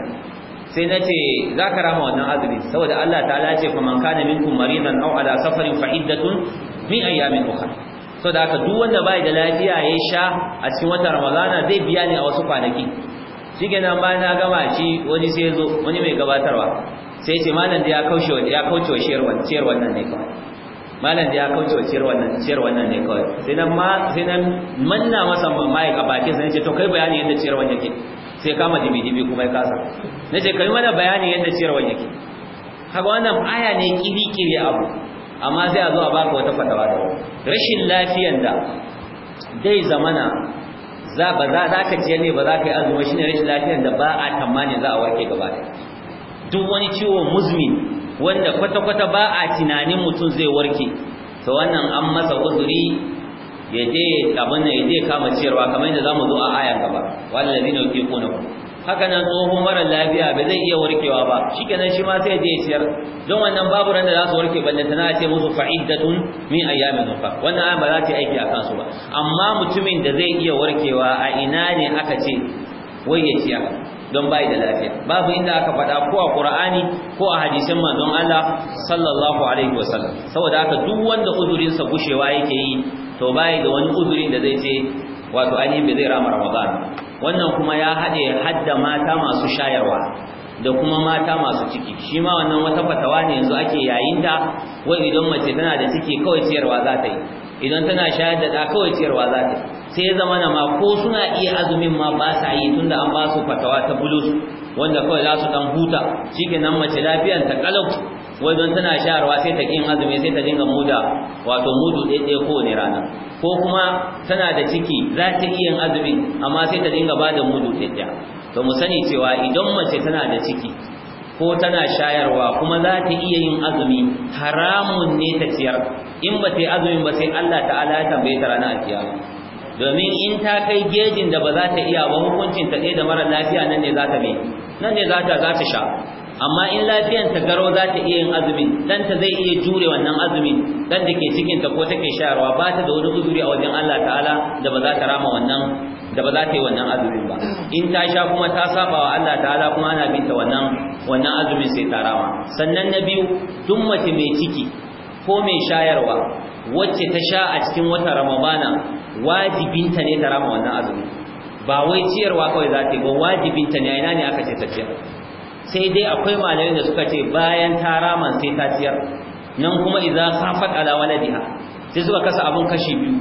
sai na ce za ka rama wannan azumi saboda Allah ta lace fa man kana minkum maridan aw ala safarin fa iddatun min ayyamin ukhra so da haka duk wanda bai da lafiya ya sha a cikin watan ramadana zai biya ne a wasu kwanaki shikenan ba na gama ci wani sai zo wani mai gabatarwa sai ce malam da ya kauce ya kauce shiyarwan ciyarwan nan ne kawai malam da ya kauce ciyarwan wannan ciyarwan nan ne kawai sai nan ma sai nan manna masa mai gabatin sai ce to kai bayani yadda wannan yake sai kama dibi dibi kuma ya kasa nace kai mana bayani yadda wannan yake kaga wannan aya ne kiri kiri abu amma sai a zo a baka wata fatawa da rashin lafiyan da dai zamana za ba za ka ciyar ne ba za ka yi azumi shine rashin lafiyar da ba a tamani za a warke gaba da duk wani ciwo muzmin wanda kwata-kwata ba a tunanin mutum zai warke to wannan an masa uzuri ya je abin ya dai kama ciyarwa kamar yadda zamu zo a ayan gaba wallazina yuqinuna haka nan tsoho mara lafiya ba zai iya warkewa ba shikenan shi ma sai je siyar don wannan babu ran da za su warke balle tana ce musu fa'iddatun min ayyamin ukhra wannan ayan ba za ta aiki a kansu ba amma mutumin da zai iya warkewa a ina ne aka ce wai ya siyar don bai da lafiya babu inda aka faɗa ko a Qur'ani ko a hadisin manzon Allah sallallahu alaihi wasallam saboda haka duk wanda uzurinsa gushewa yake yi to bai da wani uzurin da zai ce wato ainihin bai zai rama ramadan wannan kuma ya haɗe hadda mata masu shayarwa da kuma mata masu ciki shi ma wannan wata fatawa ne yanzu ake yayin ta wai idan mace tana da ciki kawai ciyarwa za ta yi idan tana shayar da ɗa kawai ciyarwa za ta yi sai ya zama ma ko suna iya azumin ma ba sa yi tunda an ba su fatawa ta bulus wanda kawai za su dan huta shikenan mace lafiyar ta kalau wai don tana sharuwa sai ta kin azumi sai ta dinga muda wato mudu ko ne rana ko kuma tana da ciki za ta iya azumin amma sai ta dinga bada mudu ɗaya. to mu sani cewa idan mace tana da ciki ko tana shayarwa kuma za ta iya yin azumi haramun ne ta ciyar in ba ta yi azumin ba sai Allah ta'ala ya tambaye ta ranar kiyama domin in ta kai gejin da ba za ta iya ba hukuncin ta ɗaya da mara lafiya nan ne za ta bi nan ne za ta za ta sha amma in lafiyan ta garo za ta iya yin azumin dan ta zai iya jure wannan azumin dan da ke cikin ta ko take shayarwa ba ta da wani uzuri a wajen Allah ta'ala da ba za ta rama wannan da ba za ta yi wannan azumin ba in ta sha kuma ta saba wa Allah ta'ala kuma ana binta wannan wannan azumin sai ta rama sannan na biyu duk mace mai ciki ko mai shayarwa wacce ta sha a cikin watan Ramadana wajibinta ne ta rama wannan azumi ba wai ciyarwa kawai za ta yi ba wajibinta ne ina ne aka ce ta ciyar sai dai akwai malamai da suka ce bayan ta rama sai ta ciyar nan kuma idza khafat ala waladiha sai suka kasa abun kashi biyu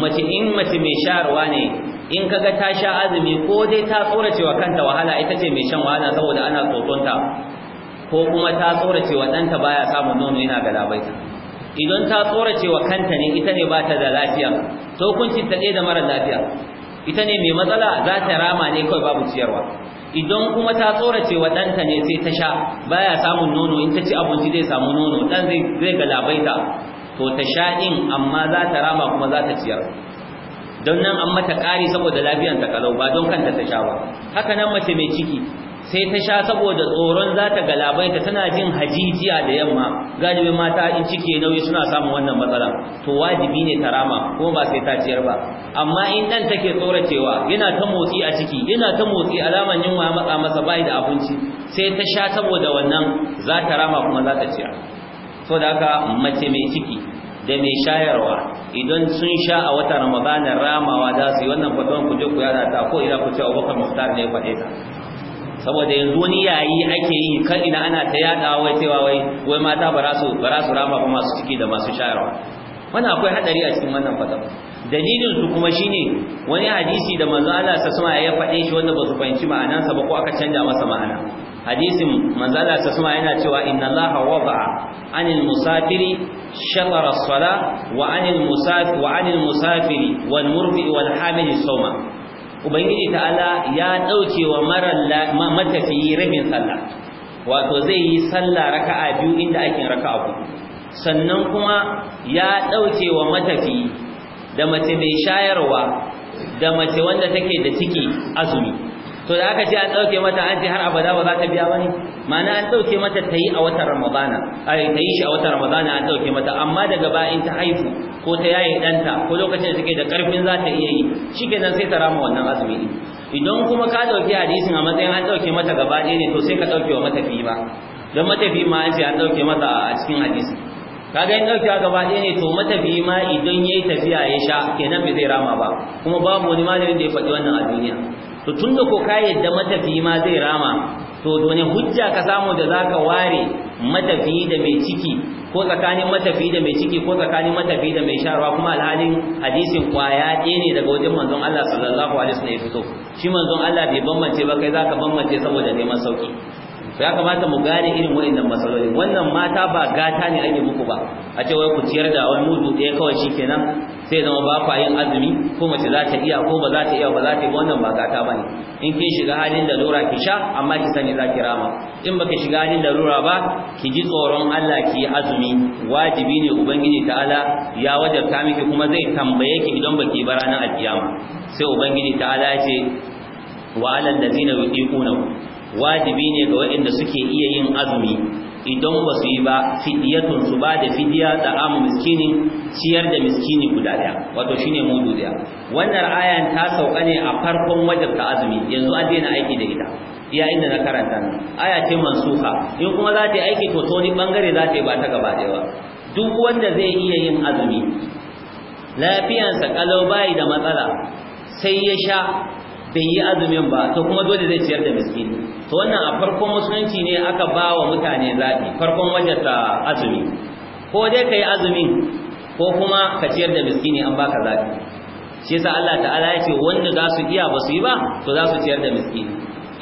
mace in mace mai sharuwa ne in kaga ta sha azumi ko dai ta tsoracewa kanta wahala ita ce mai shan wahala saboda ana tsotonta ko kuma ta tsoracewa ɗanta baya samun nono yana galabaita idan ta tsoracewa cewa kanta ne ita ne ba da lafiya to hukuncin ta da mara lafiya ita ne mai matsala za ta rama ne kawai babu ciyarwa idan kuma ta tsorace wa ɗanta ne sai ta sha baya samun nono in ta ci abinci zai samu nono ɗan zai zai galabaita to ta sha ɗin amma za ta rama kuma za ta ciyar don nan an mata ƙari saboda lafiyar ta kalau ba don kanta ta sha ba haka nan mace mai ciki sai ta sha saboda tsoron za ta galabaita tana jin hajijiya da yamma galibi mata in cike nauyi suna samun wannan matsala to wajibi ne ta rama kuma ba sai ta ciyar ba amma in dan take tsoracewa yana ta motsi a ciki yana ta motsi alaman yunwa ya matsa masa bai da abinci sai ta sha saboda wannan za ta rama kuma za ta ciyar so da haka mace mai ciki da mai shayarwa idan sun sha a wata ramadanin ramawa za su yi wannan faton ku je ku yada ta ko ina ku ce abubakar muhtar ne ya faɗe ta saboda yanzu wani yayi ake yi kan ina ana ta yada wai cewa wai wai mata ba su ba su rama ba masu ciki da masu shayarwa wannan akwai hadari a cikin wannan fata dalilin su kuma shine wani hadisi da manzo Allah sa sama ya faɗe shi wanda ba su fahimci ma'anansa ba ko aka canja masa ma'ana hadisin manzo Allah sa sama yana cewa inna Allah wada'a anil musafiri shatara as-sala wa anil wa anil musafiri wal murdi wal hamil sawma ubangiji ta'ala ya dauke wa matafiyi rabin sallah wato zai yi sallah raka'a biyu inda ake raka'a hudu sannan kuma ya dauke wa matafiyi da mace mai shayarwa da mace wanda take da ciki azumi to da aka ce an dauke mata an ce har abada ba za ta biya bane ma'ana an dauke mata ta a watan ramadana ai ta shi a watan ramadana an dauke mata amma daga baya in ta haihu ko ta yaye danta ko lokacin da take da karfin za ta iya yi shikenan sai ta rama wannan azumi idan kuma ka dauki hadisin a matsayin an dauke mata gaba ɗaya ne to sai ka dauke wa matafi ba don matafi ma an ce an dauke mata a cikin hadisi kaga in dauke gaba ɗaya ne to matafi ma idan yayi tafiya ya sha kenan bai zai rama ba kuma babu wani malamin da ya faɗi wannan a duniya to tunda ko ka yadda matafi ma zai rama to wani hujja ka samu da zaka ware matafi da mai ciki ko tsakanin matafi da mai ciki ko tsakanin matafi da mai sharwa kuma alhalin hadisin kwaya ɗaya ne daga wajen manzon Allah sallallahu alaihi wasallam ya fito shi manzon Allah bai bambance ba kai zaka bambance saboda neman sauki ya kamata mu gane irin waɗannan matsaloli wannan mata ba gata ne ake muku ba a ce wai ku ciyar da wani mudu ɗaya kawai shi shikenan sai zama ba kwa yin azumi ko mace za ta iya ko ba za ta iya ba za ta yi wannan ba gata ba ne in kin shiga halin da lura ki sha amma ki sani za ki rama in baki shiga halin da lura ba ki ji tsoron Allah ki yi azumi wajibi ne ubangiji ta'ala ya wajabta miki kuma zai tambaye ki idan baki ba ranar alkiyama sai ubangiji ta'ala ya ce wa alal ladina yuqiquna wajibi ne ga waɗanda suke iya yin azumi idan ba su yi ba fidiyatun su ba da fidiya da amu miskinin ciyar da miskini guda daya wato shine mudu wannan ayan ta sauka ne a farkon wajabta azumi yanzu an daina aiki da ita iya inda na karanta aya ce mansuka in kuma za ta yi aiki to to ni bangare za ta yi ba ta gaba daya duk wanda zai iya yin azumi lafiyan sa kalau bai da matsala sai ya sha bai yi azumin ba to kuma dole zai ciyar da miskini to wannan a farkon musulunci ne aka ba wa mutane zaɓi farkon wajenta azumi ko dai ka yi azumin ko kuma ka ciyar da miskini an baka zaɓi shi yasa Allah ta'ala ya ce wanda za su iya ba su yi ba to za su ciyar da miskini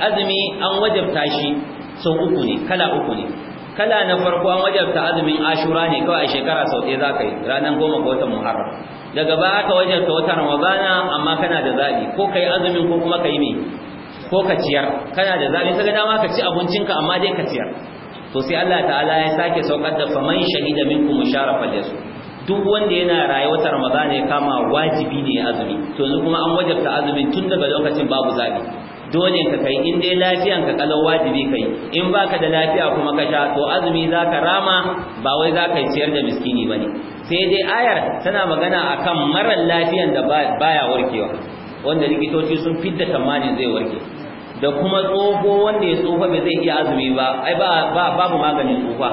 azumi an wajabta shi sau uku ne kala uku ne kala na farko an wajabta azumin ashura ne kawai a shekara sau ɗaya za ka yi ranar goma ga watan muharram daga baya aka wajabta watan ramadana amma kana da zaɓi ko ka yi azumin ko kuma ka yi me ko ka ciyar kana da zaɓi ta dama ka ci abincinka amma dai ka ciyar to sai Allah ta'ala ya sake saukar da faman shahida minkum musharafa yasu duk wanda yana raye wata ramadana ya kama wajibi ne azumi to yanzu kuma an wajabta azumin tun daga lokacin babu zaɓi. dole ka kai in dai lafiyan ka kalau wajibi kai in baka da lafiya kuma ka sha to azumi zaka rama ba wai zaka ciyar da miskini bane sai dai ayar tana magana akan marar lafiyan da baya warkewa wanda likitoci sun fidda tamanin zai warke da kuma tsoho wanda ya tsofa bai zai iya azumi ba ai ba babu maganin tsufa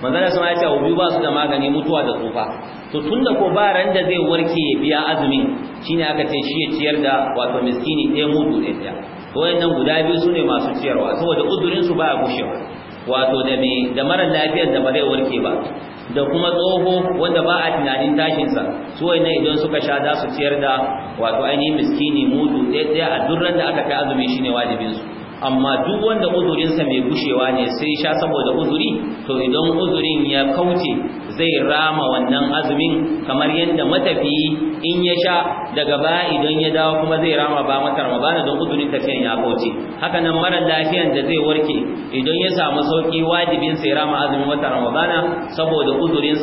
manzana sun ya ce biyu ba su da magani mutuwa da tsufa to tun da ko ba ran da zai warke biya azumi shine aka ce shi ya ciyar da wato miskini ɗaya mudu ɗaya wayannan guda biyu sune masu ciyarwa saboda udurin su baya gushewa wato da me da mara lafiyar da bare warke ba da kuma tsoho wanda ba a tunanin tashin sa su wayannan idan suka sha da su ciyar da wato ainihin miskini mudu ɗaya ɗaya a durran da aka kai azumi shine wajibin su amma duk wanda sa mai gushewa ne sai sha saboda uzuri to idan uzurin ya kauce zai rama wannan azumin kamar yadda matafiyi in ya sha daga baya idan ya dawo kuma zai rama ba mata ramadana don kudurin tafiyan ya kauce haka nan mara lafiyan da zai warke idan ya samu sauki wajibin sai rama azumin wata ramadana saboda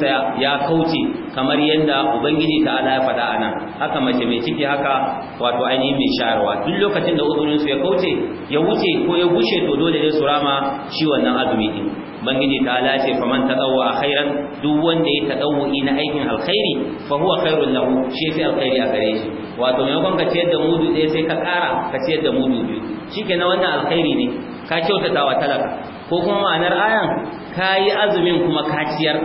sa ya kauce kamar yadda ubangiji ta ala ya faɗa anan haka mace mai ciki haka wato ainihin mai shayarwa duk lokacin da uzurinsu ya kauce ya wuce ko ya gushe to dole ne su rama shi wannan azumi din ubangiji ta lace faman a khairan duk wanda ya tadawwi na aikin alkhairi fa huwa khairul lahu shi fi alkhairi a gare shi wato mai ka ciyar da mudu ɗaya sai ka ƙara ka ciyar da mudu biyu shikenan wannan alkhairi ne ka kyautata wa talaka ko kuma ma'anar ayan kayi azumin kuma ka ciyar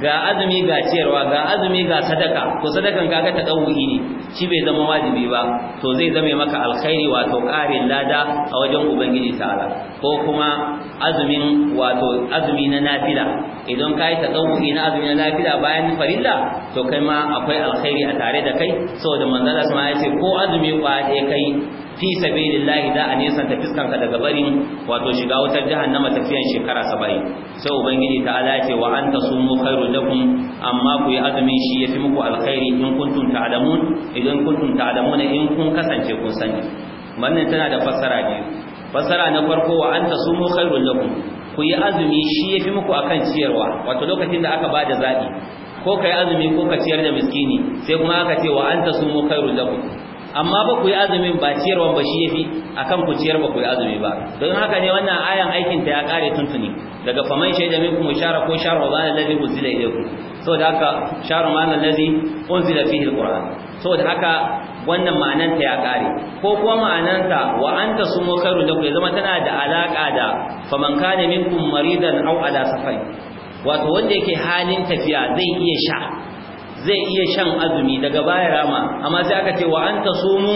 ga azumi ga ciyarwa ga azumi ga sadaka to sadakan kaga ta kawuyi ne shi bai zama wajibi ba to zai zame maka alkhairi wato ƙarin lada a wajen ubangiji ta'ala ko kuma azumin wato azumi na nafila idan kai ta kawuyi na azumi na nafila bayan farilla to kai ma akwai alkhairi a tare da kai saboda manzala Allah ya ce ko azumi ba dai kai fi sabilillahi za a nesa ta fiskanka daga barin wato shiga wutar jahannama tafiyan shekara 70 sai ubangiji ta ala ce wa anta sumu khairul lakum amma ku yi azumi shi yafi muku alkhairi in kuntum ta'lamun idan kuntum ta'lamun in kun kasance kun sani wannan tana da fassara biyu fassara na farko wa anta sumu khairul lakum ku yi azumi shi yafi muku akan ciyarwa wato lokacin da aka bada zabi ko kai azumi ko ka ciyar da miskini sai kuma aka ce wa anta sumu khairul lakum amma ba ku yi azumin ba ciyarwan ba shi yafi akan ku ciyar ba ku yi azumi ba don haka ne wannan ayan aikin ta ya kare tuntuni daga faman shaida minkum shara ko shara wa zalal ladhi unzila ilaykum saboda haka shara ma alladhi unzila fihi alquran saboda haka wannan ma'anan ta ya kare ko kuma ma'anan ta wa anta sumu khairu lakum zama tana da alaka da faman kana minkum maridan aw ala safari wato wanda yake halin tafiya zai iya sha zai iya shan azumi daga baya rama amma sai aka ce wa anta sumu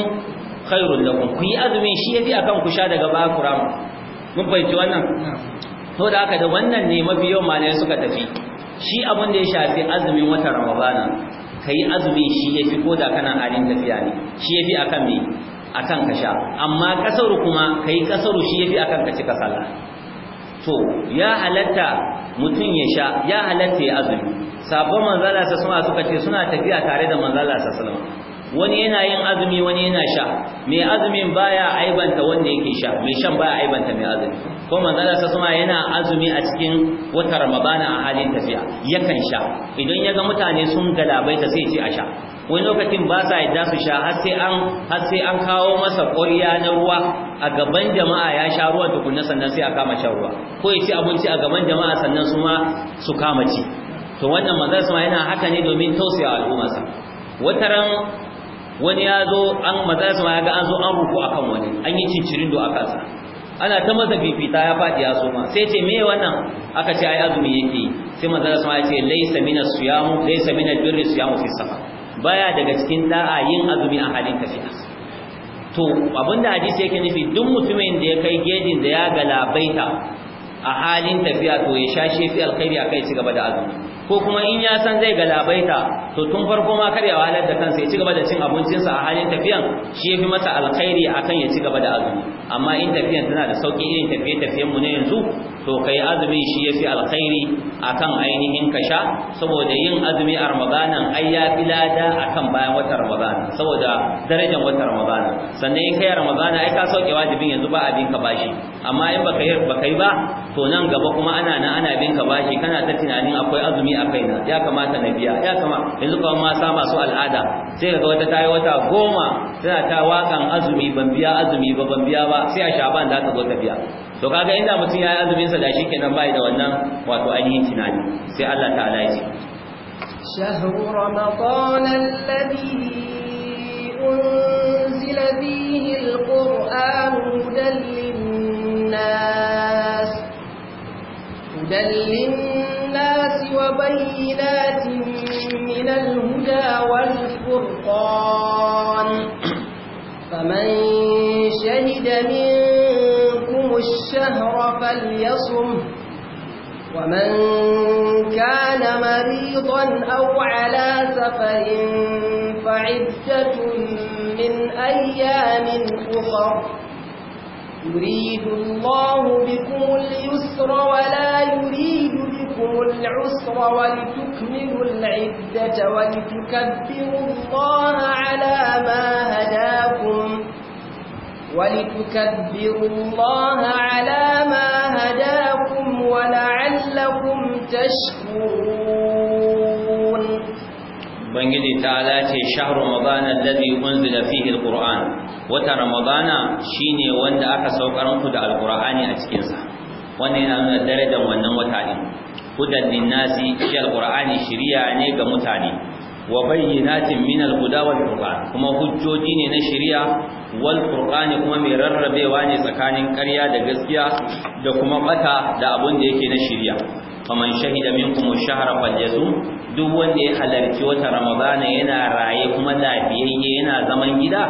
khairul lakum ku yi azumi shi yafi akan ku sha daga baya rama mun fahimci wannan to da aka da wannan ne mafi yau malai suka tafi shi abin da ya shafi azumin watan ramadana kai azumi shi yafi koda kana halin tafiya ne shi yafi akan me akan ka sha amma kasaru kuma kai kasaru shi yafi akan ka cika sallah to ya halatta mutum ya sha ya halatta ya azumi sabon manzala sa suna suka ce suna tafiya tare da manzala sa sallama wani yana yin azumi wani yana sha mai azumin baya aibanta wanda yake sha mai shan baya aibanta mai azumi ko manzala sa suna yana azumi a cikin wata ramadana a halin tafiya yakan sha idan ya ga mutane sun galabaita sai ce a sha wani lokacin ba sa yadda su sha har sai an har sai an kawo masa ƙorya na ruwa a gaban jama'a ya sha ruwan tukunna sannan sai a kama shan ruwa ko ya ci abinci a gaban jama'a sannan su ma su kama ci to wannan manzon sama yana haka ne domin tausaya al'ummarsa wataran wani ya zo an manzon sama ya ga an zo an ruku akan wani an yi cincirin do akan sa ana ta masa fifita ya fadi ya soma sai ce me wannan aka ce ai azumi yake sai manzon sama ya ce laysa min as-siyam laysa min al-birri siyam fi safa baya daga cikin da'a yin azumi a halin tafiya to abinda hadisi yake nufi duk mutumin da ya kai gejin da ya galabaita a halin tafiya to ya sha fi alkhairi akai ci gaba da azumi ko kuma in ya san zai galabaita to tun farko ma kar ya wahalar da kansa ya ci gaba da cin abincinsa a halin tafiyan shi yafi mata alkhairi akan ya ci gaba da azumi amma in tafiyan tana da sauki irin tafiye tafiyan mu na yanzu to kai azumi shi yafi alkhairi akan ainihin kasha saboda yin azumi a ramadanan ai ya akan bayan watan ramadana saboda darajar watan ramadana sannan in kai ramadana ai ka sauke wajibin yanzu ba abin ka bashi amma in baka yi ba to nan gaba kuma ana nan ana bin ka bashi kana ta tunanin akwai azumi a kaina ya kamata na biya ya kama yanzu kuma mata masu al'ada sai kaga wata tayi wata goma tana ta wakan azumi ban biya azumi ba ban biya ba sai a shaban da ta zo ta biya to kaga inda mutum yayi azumin sa da shikenan bai da wannan wato ainihin tunani sai Allah ta'ala ya ce شهر رمضان الذي أنزل فيه القرآن هدى للناس هدى للناس الناس وبينات من الهدى والفرقان فمن شهد منكم الشهر فليصم ومن كان مريضا أو على سفر فعدة من أيام أخر يريد الله بكم اليسر ولا يريد يعدكم العسر ولتكملوا العدة ولتكبروا الله على ما هداكم ولتكبروا الله على ما هداكم ولعلكم تشكرون بنجد تعالى شهر رمضان الذي أنزل فيه القرآن وترى رمضان شيني وند أكا سوكرنك دا القرآن أتكنسا wannan yana nuna darajar wannan wata ne hudan linnasi shi alqur'ani shiriya ne ga mutane wa bayyinatin min alhuda wal furqan kuma hujjoji ne na shiriya wal furqani kuma mai rarrabewa ne tsakanin ƙarya da gaskiya da kuma bata da abun da yake na shiriya faman shahida minkum ash-shahra falyasum duk wanda ya halarci wata ramadana yana raye kuma lafiyayye yana zaman gida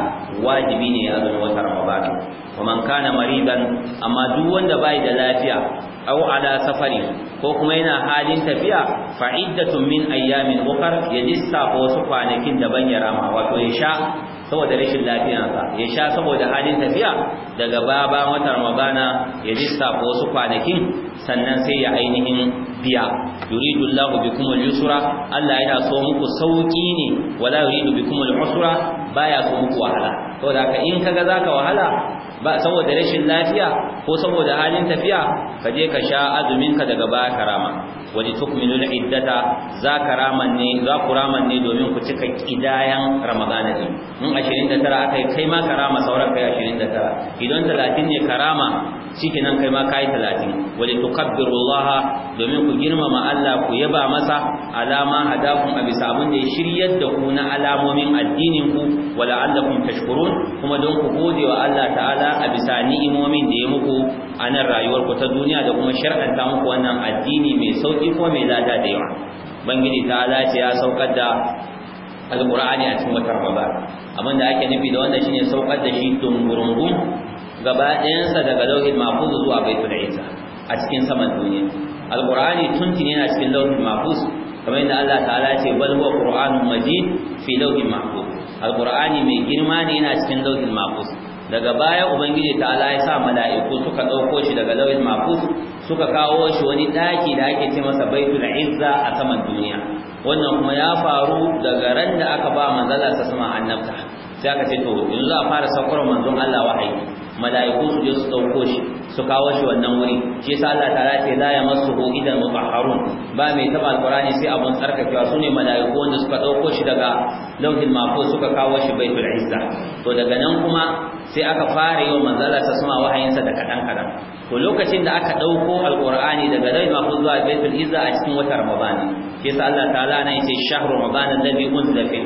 wajibi ne ya azumi wata ramadan wa man kana maridan amma duk wanda bai da lafiya aw ala safari ko kuma yana halin tafiya fa iddatun min ayyamin ukhra ya lissafa su kwanakin da ban ya rama wato ya sha saboda rashin lafiyarsa ya sha saboda halin tafiya daga baba wata ramadana ya lissafa wasu kwanakin sannan sai ya ainihin biya yuridu Allahu bikum al-yusra Allah yana so muku sauki ne wala yuridu bikum al-usra baya so muku wahala saboda haka in kaga zaka wahala ba saboda rashin lafiya ko saboda halin tafiya ka je ka sha azumin ka daga baya karama wani tukminu tukmilu iddata za ka ne za ku raman ne domin ku cika kidayan ramadana ne in 29 aka kai ma karama sauran kai 29 idan 30 ne karama nan kai ma kai 30 wali tukabbirullaha domin ku girmama Allah ku yaba masa alama hadakum abi sabun da ya shiryar da ku na alamomin addinin ku wa la'allakum tashkurun kuma don ku gode wa Allah ta'ala a bisa ni'imomin da ya muku a nan rayuwar ku ta duniya da kuma ta muku wannan addini mai sauki ko mai lada da yawa bangiji ta Allah ya saukar da alqur'ani a cikin watan Ramadan da ake nufi da wannan shine saukar da shi dungurungun gaba ɗayansa daga lauhin mahfuz zuwa baitul izza a cikin saman duniya alqur'ani tuntuni yana cikin lauhin mahfuz kamar yadda Allah ta'ala ce bal huwa qur'anun majid fi lauhin mahfuz alqur'ani mai girma ne yana cikin lauhin mahfuz daga baya ubangiji ta'ala ya sa mala'iku suka dauko shi daga lauhin mahfuz suka kawo shi wani daki da ake ce masa baitul izza a saman duniya wannan kuma ya faru daga ran da aka ba manzala ta sama annabta sai aka ce to yanzu a fara saukar manzon Allah wahayi mala'iku su je su dauko shi su kawo shi wannan wuri shi yasa Allah ta'ala ce la yamassuhu illa mutahharun ba mai taba alqur'ani sai abun tsarkakewa sune mala'iku wanda suka dauko shi daga lauhin mahfuz suka kawo shi baitul izza to daga nan kuma sai aka fara yi wa manzala sa suma sa da kadan kadan to lokacin da aka dauko alqur'ani daga lauhin mahfuz zuwa baitul izza a cikin watan ramadan sai yasa Allah ta'ala na yace shahru ramadan alladhi unzila fi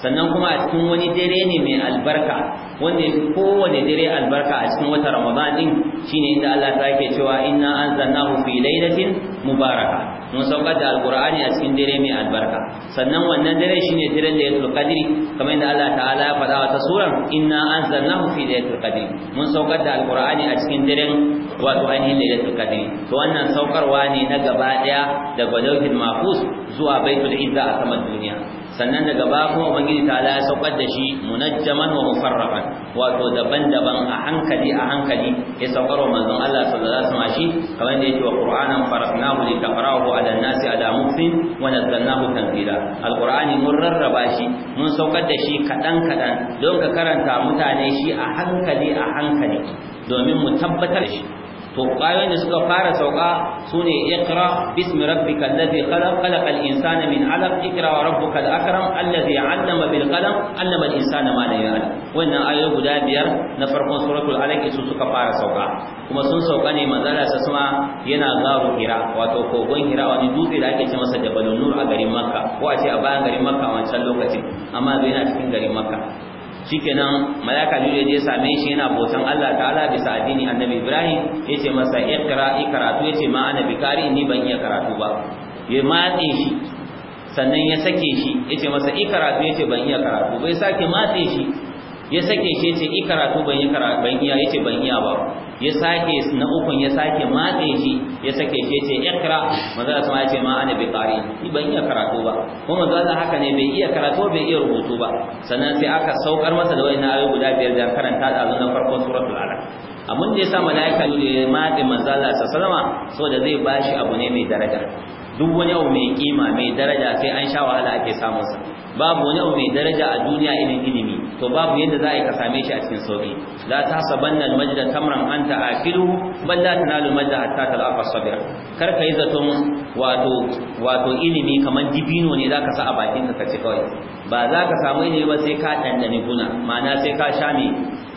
sannan kuma a cikin wani dare ne mai albarka wanda ya kowane dare albarka a cikin wata ramadan din shine inda Allah ta yake cewa inna anzalnahu fi lailatin mubaraka mun saukar da alqur'ani a cikin dare mai albarka sannan wannan dare shine dare da yatul qadri kamar inda Allah ta'ala ya faɗa wata suran inna anzalnahu fi lailatul qadri mun saukar da alqur'ani a cikin daren wato ainihin lailatul qadri to wannan saukarwa ne na gaba daya daga lauhin mahfuz zuwa baitul izza a saman duniya sannan daga ba kuma ubangiji ta ala ya saukar da shi munajjaman wa mufarraqan wato daban-daban a hankali a hankali ya saukar wa manzon Allah sallallahu alaihi wasallam shi kamar da yake wa qur'anan faraqnahu li taqra'ahu ala nasi ala mukfin wa nazzalnahu tanzila alqur'ani mun rarraba shi mun saukar da shi kadan kadan don ka karanta mutane shi a hankali a hankali domin mu tabbatar shi to ayoyin da suka fara sauka sune iqra bismi rabbikal ladhi khalaq khalaqal insana min 'alaq iqra wa rabbukal akram alladhi 'allama bil qalam 'allama al insana ma lam ya'lam wannan ayoyi guda biyar na farkon suratul alaq su suka fara sauka kuma sun sauka ne manzala sa sama yana garu hira wato kogon hira wani dutse da ake ce masa jabalun nur a garin makka ko a ce a bayan garin makka wancan lokacin amma zai yana cikin garin makka shikenan malaka jibril ya same shi yana bautan Allah ta'ala bisa addini annabi Ibrahim yace masa iqra ikratu yace ma ana bikari ni ban iya karatu ba ya matse shi sannan ya sake shi yace masa ikratu yace ban iya karatu bai sake matse shi ya sake shi yace ikratu ban iya karatu ban iya yace ban iya ba ya sake na ukun ya sake matse shi ya sake shi ce ikra manzo Allah ya ce ma ana bi qari ni ban iya karatu ba kuma manzo Allah haka ne bai iya karatu bai iya rubutu ba sannan sai aka saukar masa da wani ayoyi guda biyar da karanta da azunan farkon suratul alaq Amun da yasa malaika ne matse manzo Allah sallama saboda zai bashi abu ne mai daraja duk wani abu mai kima mai daraja sai an sha wahala ake samun sa babu wani abu mai daraja a duniya irin ilimi to babu yadda za a yi ka same shi a cikin sauki la tahsabanna al-majda tamran anta akilu bal la tanalu al-majda hatta talaqa sabira kar ka yi zaton wato wato ilimi kaman dibino ne zaka sa a bakin ka kace kawai ba za samu ilimi ba sai ka dandane guna ma'ana sai ka sha me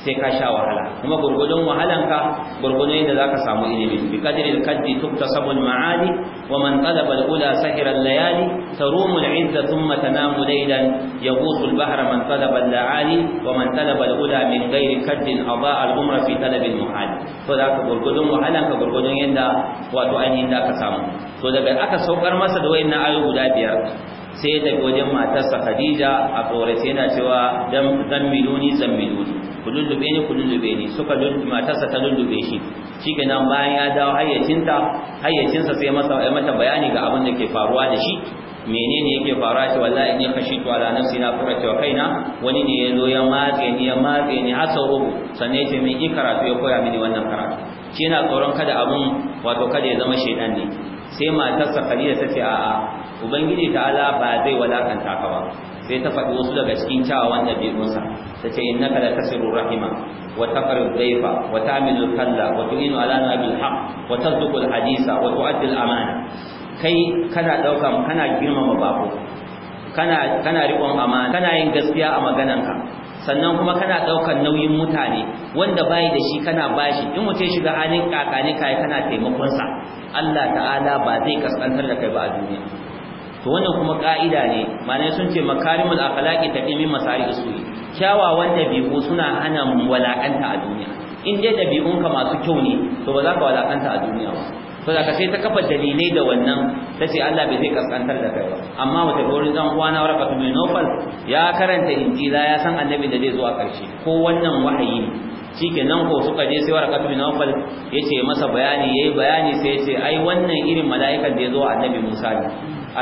sai ka sha wahala kuma gurgudun wahalanka gurgudun yadda zaka samu ilimi bi qadri kaddi tukta al-ma'ali wa man talaba al-ula sahira al-layali tarumu al-'izza thumma tanamu laylan yaghuthu al-bahra man talaba al-la'ali wa man talaba al-ula min ghairi kaddin adaa al-umra fi talab al-muhal to ka gurgudun wahalanka gurgudun yadda wato ainihin da zaka samu to daga aka saukar masa da wayannan ayoyi guda biyar sai daga wajen matarsa Khadija a tsorace yana cewa dan zammiluni zammiluni ku lullube ni ku lullube ni suka lullube ta lullube shi shikenan bayan ya dawo hayyacinta hayyacinsa sai masa ya mata bayani ga abin da ke faruwa da shi menene yake faruwa shi wallahi ni khashitu ala nafsi na furata wa kaina wani ne yazo ya matse ni ya matse ni har sau uku sannan ya min yi karatu ya koya mini wannan karatu shi yana tsoron kada abun wato kada ya zama shaidan ne sai matarsa kaliya ta ce a'a ubangiji ala ba zai walakanta ka ba sai ta faɗi wasu daga cikin kyawawan gusa. tace innaka la tasiru rahima wa taqri dhayfa wa ta'minu kalla wa tu'inu ala nabil haqq wa tasduqu al hadisa wa tu'addi al amana kai kana dauka kana girmama bako kana kana riƙon amana kana yin gaskiya a maganarka sannan kuma kana daukan nauyin mutane wanda bai da shi kana bashi in mutum shiga halin kakani kai kana taimakon sa Allah ta'ala ba zai kaskantar da kai ba a duniya to wannan kuma ka'ida ne ma'ana sun ce makarimul akhlaqi taqimi masari usuli kyawawan dabi'u suna hana walakanta a duniya in dai dabi'unka masu kyau ne to ba za ka walakanta a duniya ba to da ka sai ta kafa dalilai da wannan ta ce Allah bai zai kaskantar da kai ba amma wata gori dan uwa na warqatu bin nufal ya karanta injila ya san annabi da zai zo a karshe ko wannan wahayi ne nan ko suka je sai warqatu bin nufal yace masa bayani yayi bayani sai ce ai wannan irin mala'ikan da ya zo annabi Musa ne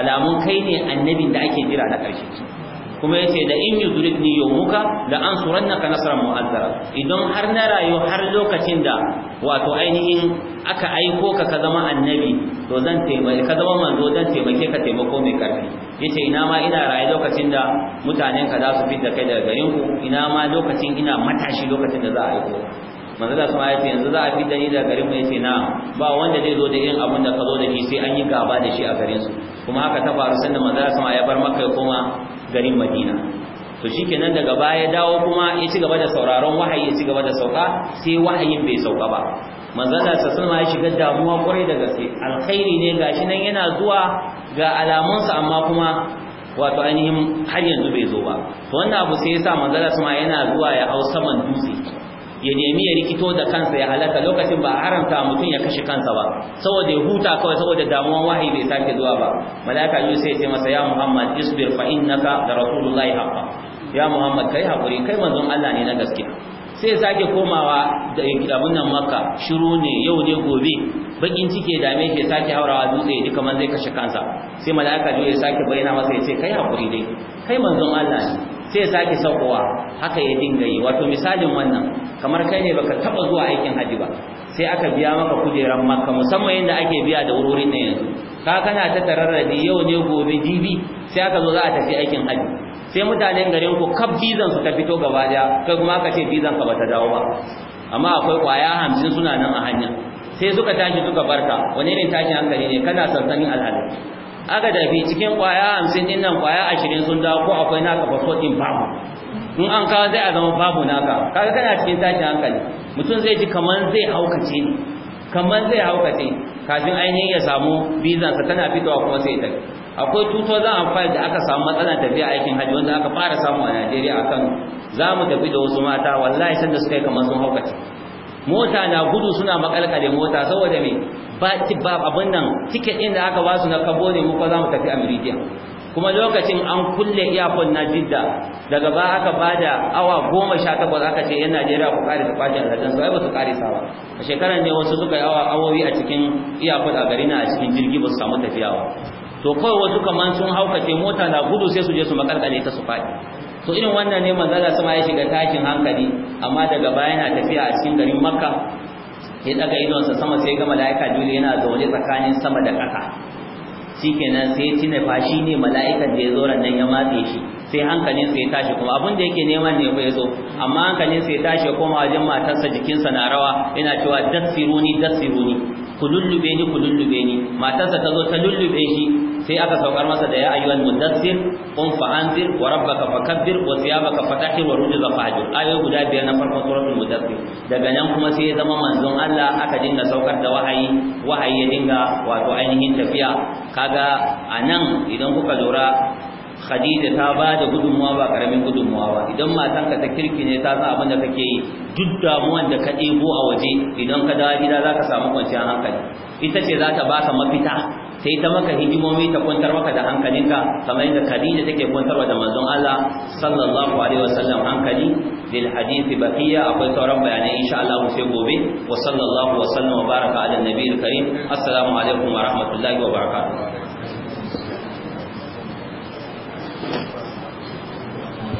alamun kai ne annabin da ake jira na karshe kuma yace da in yudrikni yawmuka la ansurannaka nasran mu'azzara idan har na rayu har lokacin da wato ainihin aka aiko ka ka zama annabi to zan taimake ka zama manzo zan taimake ka taimako mai karfi yace ina ma ina rayu lokacin da mutanen ka za su fita kai daga garin ku ina ma lokacin ina matashi lokacin da za a aiko manzo da sama yace yanzu za a fita ni daga garin mu yace na ba wanda zai zo da irin abin da ka zo da shi sai an yi gaba da shi a garin su kuma haka ta faru sanda manzo da sama ya bar makka ya koma garin madina to shikenan daga baya ya dawo kuma ya ci gaba da sauraron wahayi ya ci gaba da sauka sai wahayin bai sauka ba manzon Allah sallallahu ya shiga damuwa kwarai da gaske alkhairi ne gashi nan yana zuwa ga alamunsa amma kuma wato ainihin har yanzu bai zo ba to wannan abu sai yasa manzon Allah yana zuwa ya hau saman dutse ya nemi ya rikito da kansa ya halaka lokacin ba a haramta mutum ya kashe kansa ba saboda ya huta kawai saboda damuwan wahayi bai sake zuwa ba malaika yi sai ce masa ya muhammad isbir fa innaka da rasulullahi haqqan ya muhammad kai hakuri kai manzon Allah ne na gaskiya sai sake komawa da abun nan makka shiru ne yau ne gobe bakin cike dame ke sake haurawa dutse ya kamar zai kashe kansa sai malaika yi ya sake bayyana masa ya ce kai hakuri dai kai manzon Allah ne sai sake saukowa haka ya dinga yi wato misalin wannan kamar kai ne baka taba zuwa aikin haji ba sai aka biya maka kujeran makka musamman yanda ake biya da wurorin ne yanzu ka kana ta tararradi yau ne gobe dibi sai aka zo za a tafi aikin haji sai mutanen garin ku kaf bizan su ta fito gaba daya kai kuma ka ce bizan ka bata dawo ba amma akwai kwaya hamsin suna nan a hanya sai suka tashi suka barka wani irin tashin hankali ne kana sansanin al'adu aka dafi cikin kwaya hamsin din kwaya ashirin sun dawo ko akwai naka passport din babu in an kawo zai a zama babu naka kaga kana cikin tashin hankali mutum zai ji kaman zai haukace ni kaman zai haukace kafin ainihin ya samu sa tana fitowa kuma sai ta akwai amfani da aka samu matsala tafiya aikin hajji wanda aka fara samu a Najeriya akan zamu tafi da wasu mata wallahi sanda suka yi kamar sun haukace mota na gudu suna makalkale mota saboda me ba ba abin nan ticket din da aka basu na kabo ne mu ko za mu tafi America kuma lokacin an kulle airport na Jidda daga ba aka bada awa 18 aka ce yan Najeriya ku kare da kwashin aladan sai ba su kare sawa a shekaran ne wasu suka yi awa awowi a cikin airport a na a cikin jirgi ba su samu tafiyawa to kawai wasu kaman sun haukace mota na gudu sai su je su makalkale ta su faɗi to irin wannan ne manzala sama ya shiga tashin hankali amma daga baya yana tafiya a cikin garin makka ya daga idonsa sama sai ga mala'ika juli yana zaune tsakanin sama da ƙasa shikenan sai ya tuna ne mala'ika da ya zo ran nan ya matse shi sai hankalin sai ya tashi kuma abin da yake neman ne ya zo amma hankalin sai ya tashi ya koma wajen matarsa jikinsa na rawa yana cewa dasiruni dasiruni ku lullube ni ku lullube ni matarsa ta zo ta lullube shi sai aka saukar masa da ya ayyuhal mudaththir qum fa anzir wa rabbaka fakabbir wa thiyabaka fatahhir wa rujza fahjur ayo guda biyar na farkon suratul mudaththir daga nan kuma sai ya zama manzon Allah aka dinga saukar da wahayi wahayi ya dinga wato ainihin tafiya kaga anan idan kuka lura khadija ta bada gudummawa gudunmuwa ba karamin gudunmuwa ba idan matanka ta kirki ne ta san abin da kake yi duk damuwan da ka ɗebo a waje idan ka dawo gida za ka samu kwanciyar hankali ita ce zata baka mafita sai ta maka hikimomi ta kwantar maka da hankalinka kamar yadda khadija take kwantarwa da manzon Allah sallallahu alaihi wasallam hankali lil hadith baqiya akwai sauran bayanai insha Allah sai gobe wa sallallahu wa sallama baraka ala nabiyil karim assalamu alaikum wa rahmatullahi wa barakatuh